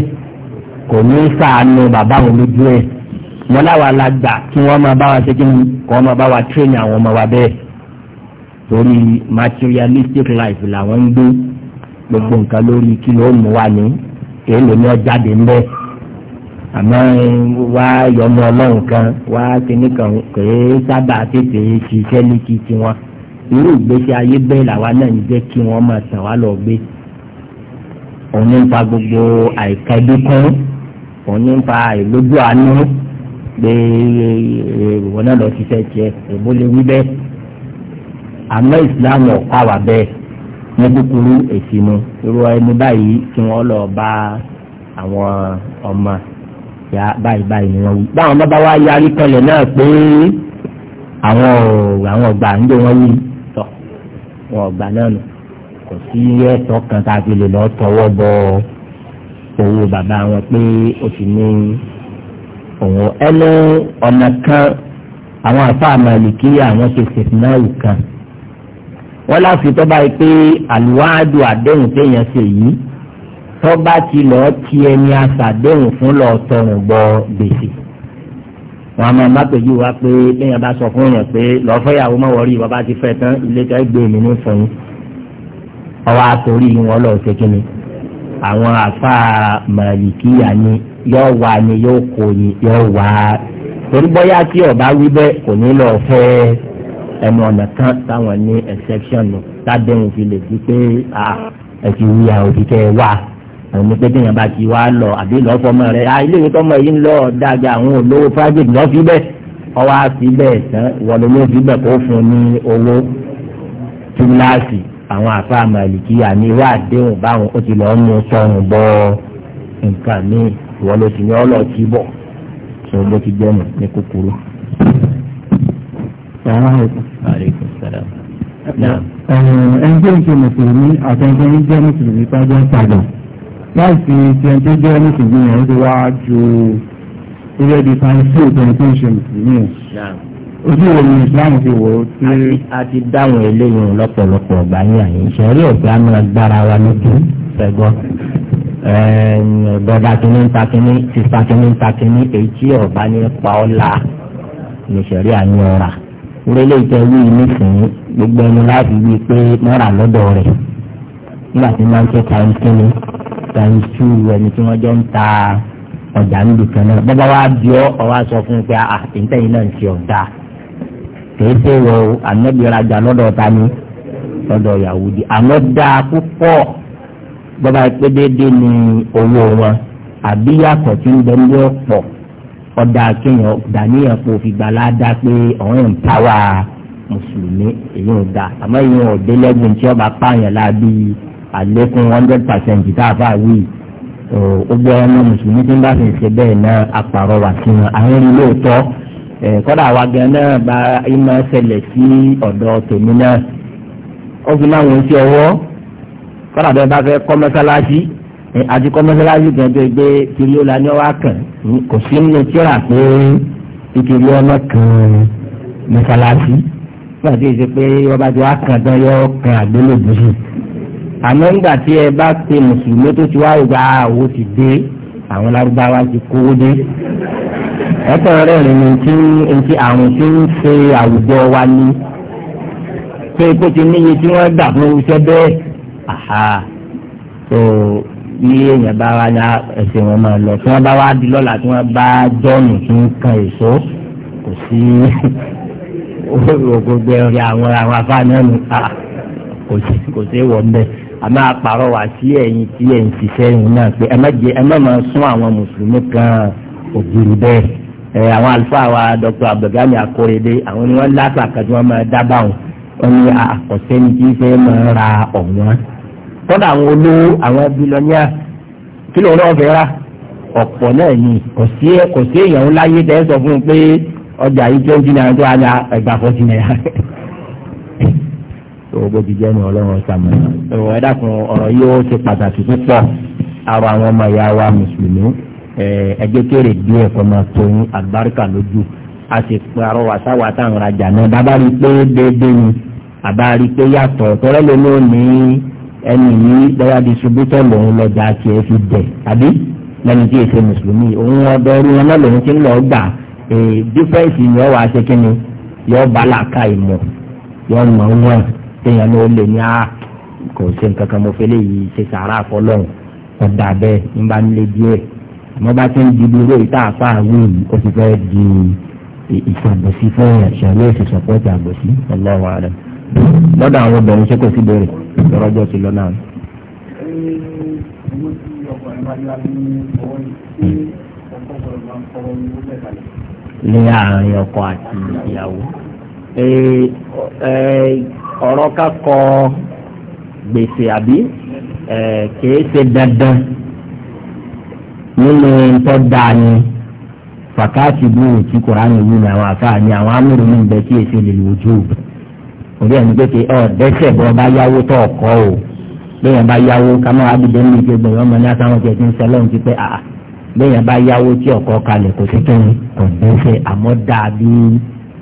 [SPEAKER 1] kò ní sàánú bàbá wọn lójú ẹ̀ wọn láwa la gbà kí wọ́n máa bá wa ṣe kí wọ́n máa bá wa tírẹ̀nì àwọn ọmọ wa bẹ́ẹ̀ torí materialistic life làwọn ń gbé gbogbo nǹkan lórí kí ló mú wa ní èèlò ní ọjáde ń bẹ́ àmọ́ wá yọmọ ọlọ́run kan wá kíní kan kèé sábà tètè ṣiṣẹ́ ní kí tiwọn irú ìgbésí ayé bẹ́ẹ̀ làwa náà ń jẹ́ kí wọ́n máa tàn wá lọ gbé òun ní pa gbogbo àìkẹ́dínkún òun ní pa ìlójú àánú pé ìwọ náà lọ ṣiṣẹ́ tiẹ̀ èbó lè wí bẹ́ẹ̀ àmọ́ ìsìlámù ọ̀pá wà bẹ́ẹ̀ ní kúkúrú èsì mu irú ẹni báyìí kí wọ́n lọ bá àwọn ọmọ ya báyìí báyìí ni wọ́n wí. báwọn bá bá wá yarí kanlẹ̀ náà pé àwọn ọ̀gbà ń gbé wọn wí tọ̀ wọn ọ̀gbà náà nù sí ẹ̀tọ́ kan tá a fi lè lọ tọwọ́ bọ owó bàbá wọn pé ó ti ní òun ẹnu ọ̀nà kan àwọn àfáà màlìkí àwọn ṣe fìtìnáwù kan wọ́n láfi tọ́ báyìí pé àlùwádù àdéhùn téèyàn ṣe yìí tọ́ bá ti lọ́ọ́ ti ẹni aṣàdéhùn fún lọ́ọ́ tọrùn bọ gbèsè wọn a máa bá pèjú wa pé lẹ́yìn bá sọ fún yẹn pé lọ́ọ́ fẹ́yàwó mọ̀wọ́rí bàbá ti fẹ́ tán ilé tẹ́ gbé mi ní fún ọwọ́ àtòrí wọn lọ ṣe kí ni àwọn afa màlìkíyà ni yóò wá ni yóò kó ni yóò wá torí bóyá tí ọba wí bẹ́ẹ̀ kò ní lọ fẹ́ ẹnu ọ̀nà kan táwọn ní exception nù tábẹ́hùn fi lè di pé ẹ̀sìn wíyà òbí kẹ́ ẹ wá àwọn ọmọ pẹ́ẹ́tẹ́ yẹn bá ti wá lọ àbí lọ́fọ́mọ rẹ̀ à ilé ìwé tọ́mọ yìí ń lọ dájà àwọn olówó private lọ́ fi bẹ́ẹ̀ ọwọ́ á bẹ́ẹ̀ tán wọ́n ló fi bẹ́ẹ̀ kó fún un ní owó túláàsì àwọn àfa màlìkíyà ní irú àdéhùn báwọn ó ti lọ́ọ́ mú sọ́run bọ́ nǹkan míì ìwọ ló ti ní ọlọ́ọ̀tì bọ̀ tó ló ti jẹ́nu ní kúkúrú. ẹgbẹ́ ìṣe mùsùlùmí àtẹ̀jẹ́ ń jẹ́ mùsùlùmí pàjọ́ ìpàdé láì fi ti ẹni tó jẹ́ mùsùlùmí yẹn ti wá ju ilé ìdí kan òtún ẹni tó mùsùlùmí yẹn ojú wo islam ti wò ó tí. a ti dáhùn eléyìí lọ́pọ̀lọpọ̀ ọ̀gbà yín àyè ìṣẹ̀rí ọ̀gá máa gbára wa lójú fẹ́gbọ́ bọ́dà kìíní ta kìíní sísá kìíní ta kìíní èyí tí ọ̀bá ní pa ọ́ la ìṣẹ̀rí àní ọ̀rà orílẹ̀ èdè wíì nísìnyí gbogbo ẹni láti wí pé mọ́ra lọ́dọ̀ rẹ̀ nígbà tí máa ń tẹ́ times kìíní times two ẹni tí wọ́n jọ ń ta ọjà níbi kan náà bọ́bá wa bí ọ́ ọ wá sọ fún un pé àtìntẹ́yìn ah, náà ń ṣe ọ̀dà kìí ṣe wọ ànábì rajà lọ́dọ̀ ta ni lọ́dọ̀ yahudi àmọ́ dáa púpọ̀ bọ́ba pé déédéé ni owó wọn àbí yàtọ̀ tí ń bẹ ní ọ̀pọ̀ ọ̀dà kéèyàn dàníyàn kò fìgbà láda pé ọ̀hún ń pàwà mùsùlùmí èyí ò da àmọ́ ìyẹn ò lẹ́gbẹ̀ẹ́ tí ọba pààyàn láàbí àlékún hundred percent tá a fà wí ó gbọ́ ọmọ mùsùlùmí tí ń bá fi ṣe bẹ́ẹ̀ náà àpàrọwà sí wọn àwọn ìlú òótọ́. Eh, kọ́dà wa gan náà bá iná ṣẹlẹ̀ sí ọ̀dọ̀ tèmi náà ó fi máa wọn sí ọwọ́ kọ́dà bẹ́ẹ̀ bá fẹ́ kọ́ mọ́sálásí eh, àti kọ́ mọ́sálásí gan tó gbé kiri ó la ní ọwọ́ kàn kò sí nínú tíra pé ìkiri ọmọ kan mọ́sálásí nígbà tí ìṣe pé ọba tí wàá kàn tán yọ kan àgbélébùú àmọ́ nígbà tí ẹ bá pe mùsùlùmí tó ti wá ìgbà àwo ah, ti dé àwọn lárúbáwá ti kówó dé ẹ̀kọ́ rẹ̀ rìn ní ti ti àrùn tí ń ṣe àwùjọ wa ni pé kó ti níye tí wọ́n gbà fún iṣẹ́ bẹ́ẹ̀ àhà tó bí èèyàn bá wá ní ẹsẹ̀ wọn máa lọ tí wọ́n bá wá di lọ́la tí wọ́n bá jọ́ọ̀nù tí ń kan èso kò sí gbogbo ẹ̀rí àwọn àwọn afáàní ẹ̀nu kò sí wọ̀ mbẹ́ a máa pàrọ̀ wá sí ẹ̀yìn tí ẹ̀yìn ti sẹ́yìn náà pé ẹ má máa sún àwọn mùsùlùmí kan ògiri bẹ́ẹ̀ ẹ àwọn àlùfáà wa dr abdulgani akorede àwọn ni wọn lásà kájú wọn máa dábàá wọn wọn ni àkọsẹni ah, tí fẹẹ máa ra ọwọn kọ́dà àwọn olówó àwọn bílọ́níà kí lóun náà fẹ́ rà ọ̀pọ̀ náà ni kò sí kò sí èèyàn láyé tẹ́ sọ fún un pé ọjà yìí tó ń dín náà tó a ní ẹgbà fọ́tí náírà tó o bó ti jẹ́ ní ọlọ́run sàmù ẹ̀wọ̀n ẹ̀dá kan ọ̀rọ̀ yìí ó ṣe pàtàkì púpọ̀ àwọn ọmọ ìyá wa mùsùlùmí ẹjẹ́ kéré díẹ̀ kọ́ máa tó yín àlùbáríkà lójú a sì parọ́ wà sáwà táwọn rajà náà bàbá rí i pé déédéé ni àbá rí i pé yàtọ̀ tọ́lẹ́ ló ló ní ẹni yìí lọ́yà distributọ̀ lòun lọ́jà tiẹ̀ fi dẹ̀ tàbí lẹ́nu tí èsè mùsùlùmí òun ọ̀dọ́ orí wọn náà lòun ti ń lọ gbà dífẹ́ǹsì ni ọ̀wà ṣe kí ni yọ ìmọ̀ yọ mọ̀ wọn téèyàn ló lè ní a ah, kò ṣe nǹkan kan mo fẹ́ lè yí ṣe sàrà àfọlọ́hún ọ̀dà bẹ́ẹ̀ ń bá nílé díẹ̀ àmọ́ bá ti ń di irú èyí tá a fa àwọn èyí ó ti fẹ́ di ìṣàgbọ̀sí fún ìṣàlẹ̀ èsì sọ̀pọ̀tì àgbọ̀sí ọlọ́run àdàm lọ́dọ̀ àwọn obìnrin ṣé kò sí bèrè lọ́rọ́jọ́ ti lọ́nà. ní àárín ọkọ àti ìyàwó ọ̀rọ̀ kakọ gbèsè àbí kèé ṣe dandan nínú ntọ́ dáa ni fàkàtì búrò tí kòránì wù ní àwọn àfáà ní àwọn amúrò mi ń bẹ tí èsì lè lòjú òbí ẹni pé kí ọ dẹ́sẹ̀ bọ́ bá yáwó tó ọkọ o lẹ́yìn bá yáwó kámọ́ abidjan ní ìgbẹ́ gbẹ̀yìn ọmọ ní àtàwọn jẹ̀ tí ń sẹ́lọ̀ ti pé àà lẹ́yìn bá yáwó tí ọkọ kalẹ̀ kò sí kí ni kò dẹ́sẹ̀ àmọ́ dàbí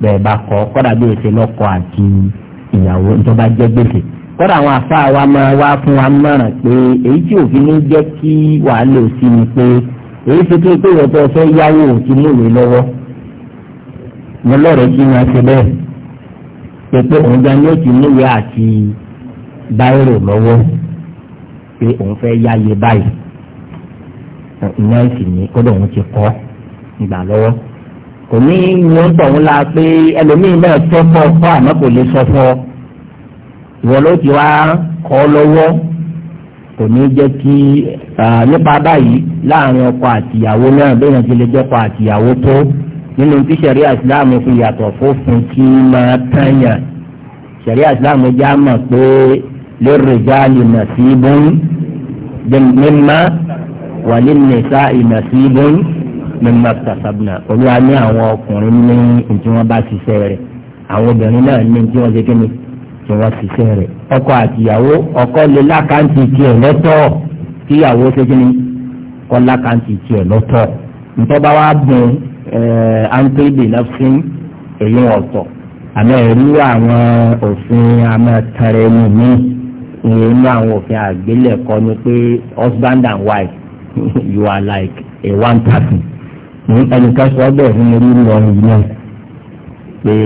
[SPEAKER 1] bẹ́ẹ̀ bá kọ́ kọ́dà bí èsì lọ́kọ àti ìyàwó ntọ́ bá jẹ́ gbèsè kọ́dà àwọn àfa wa máa wá fún wa mọ̀ràn pé èyí tí òfin ní jẹ́ kí wàá lò sí ni pé èyí ti tó pé ìwọ́pọ̀ fẹ́ yáwó òkè múwe lọ́wọ́ mo lọ́rọ̀ kí wọ́n ṣe bẹ́ẹ̀ pé pé òun gan ni ó ti múwe àti báírò lọ́wọ́ pé òun fẹ́ yáyé báyìí ìyá ìsìn ní kọ́dà òun ti kọ́ ìgbà lọ́wọ́ kò ní ìwọ́n tọ̀hún la pé ẹlòmíín náà fẹ́ kọ́ ọ àmọ́ kò lè sọ fún ọ ìwọ ló ti wá kọ́ lọ́wọ́ kò ní jẹ́ kí nípa báyìí láàrin ọkọ àtìyàwó náà bẹ́ẹ̀ ti lè jọ́kọ àtìyàwó tó nínú tí sẹ̀rí àsìláàmù fi yàtọ̀ fófin kí máa tányàn sẹ̀rí àsìláàmù já mọ̀ pé lirrijali nasibun mimma walinnisa'i nasibun mimma iktasabna olúwa ní àwọn ọkùnrin ní ntí wọ́n bá ṣiṣẹ́ rẹ̀ àwọn obìnrin náà ní ntí wọ́n ṣe kí ni kí wọ́n ṣiṣẹ́ rẹ̀ ọkọ àtìyàwó ọkọ lè lákàntì tiẹ̀ lọ́tọ̀ kíyàwó ṣẹ́gínní kọ́ lákàntì tiẹ̀ lọ́tọ̀ ntọ́ba wa bùn ẹ̀ àǹtẹ̀lẹ̀ lọ́fín èyí ọ̀tọ̀ àmọ́ ẹ̀rí àwọn òfin amẹ́tẹ̀rẹ̀ ẹni mi ìyẹn inú àwọn òfin àgbélẹ̀kọ ni pé husband and wife you are like a one person ẹnìkan sọ bẹ́ẹ̀ fún mi rí lọ́rùn yìí náà pé.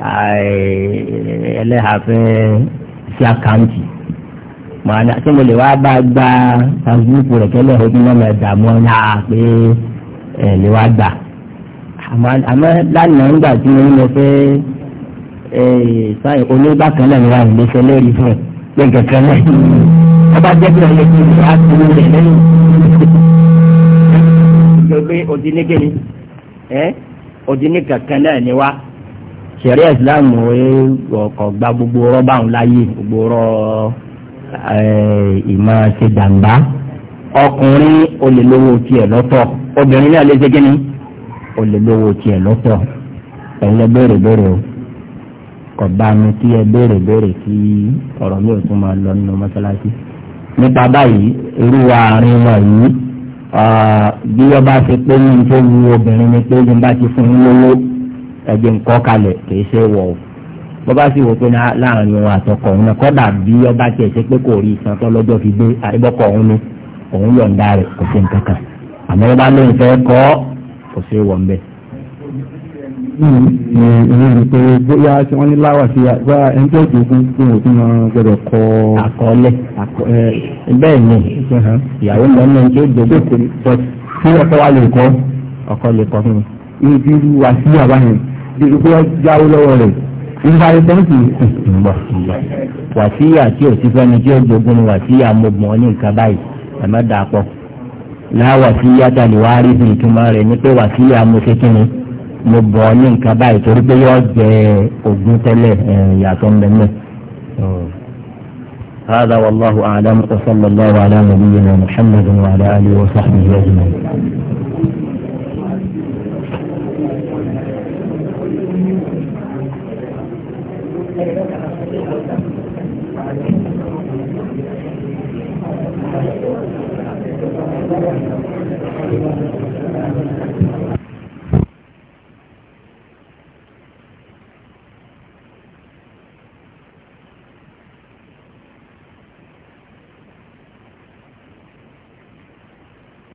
[SPEAKER 1] ẹlẹ́hà fẹ́ sí àkáǹtì màánà tí mo lè wá bá gba fásitì rẹ̀ kẹ́lẹ́ ọdún náà mẹ́ dààmú ọ̀nà pé ẹ̀ lè wá gbà àmọ́ lánàá ńgbà tí mo ń lọ fẹ́ sáyẹn onígbàkan náà ní wàhùn léṣe lórí fún pé kankan náà ọba jẹ́ bí ọ̀yẹ́ kí á ìjọba sẹ̀rí ìsìláàmù ọkọ̀ gba gbogbo rọ́bà ń láyè gbogbo rọ́ ìmọ̀ ṣe dàgbà ọkùnrin ó lè lówó tiẹ̀ lọ́tọ̀ obìnrin náà lè ṣe kí ni ó lè lówó tiẹ̀ lọ́tọ̀ ẹ̀yin lè béèrè béèrè o kọ̀ bá mi kí ẹ béèrè béèrè kí ọ̀rọ̀ mi ò tún máa lọ nínú mọ́ṣáláṣí nípa báyìí irú àárín wọn yìí bí wọ́n bá ṣe pé ní tó wu obìnrin ni pé ní bá ti fún un lówó ẹ̀jẹ̀ nǹkan kalẹ̀ kìí ṣe wọ̀ ọ́ bó bá sì wò pé láàrin òun àtọkọ̀ òun náà kọ́dà bí ọba tiẹ̀ ṣe pé kò rí ìsan tó lọ́jọ́ fi gbé àríbọ́kọ̀ òun ni òun yọ̀ǹda rẹ̀ kò sí nǹkan kan àmọ́ bó bá lóun fẹ́ kọ́ kò ṣe wọ̀ ńbẹ́. ní ìlú ni pé bóyá tí wọ́n ní láwà sí àgbà ẹni tó dùn fún fún òfin náà gbọ́dọ̀ kọ́. àkọọ́lẹ̀ bẹ́ẹ̀ ni ìyàwó lọ́nà tó dògbò kí ọkọ wa lè kọ́ ọkọ lè kọ́ fún mi. ibi wàásù àbáyẹn dèrò pé wọ́n jáwó lọ́wọ́ rẹ̀ nípa ìfẹ́ǹsì wàsíyà tí ò sí fẹ́ni tí ó gbogbo ni wàsíyà mo mọ̀ ní nǹkan báyìí ẹ̀mẹ́ dà pọ̀ láwà sí yàtà ni wàá rí fún ìtumọ̀ rẹ̀ ní pé wàsíyà mo ṣe kí ni mo bọ̀ ní nǹkan báyìí torí pé yóò jẹ ògùn tẹ́lẹ̀ yàtọ̀ mẹ́mẹ́. هذا والله أعلم وصلى الله على نبينا محمد وعلى آله وصحبه أجمعين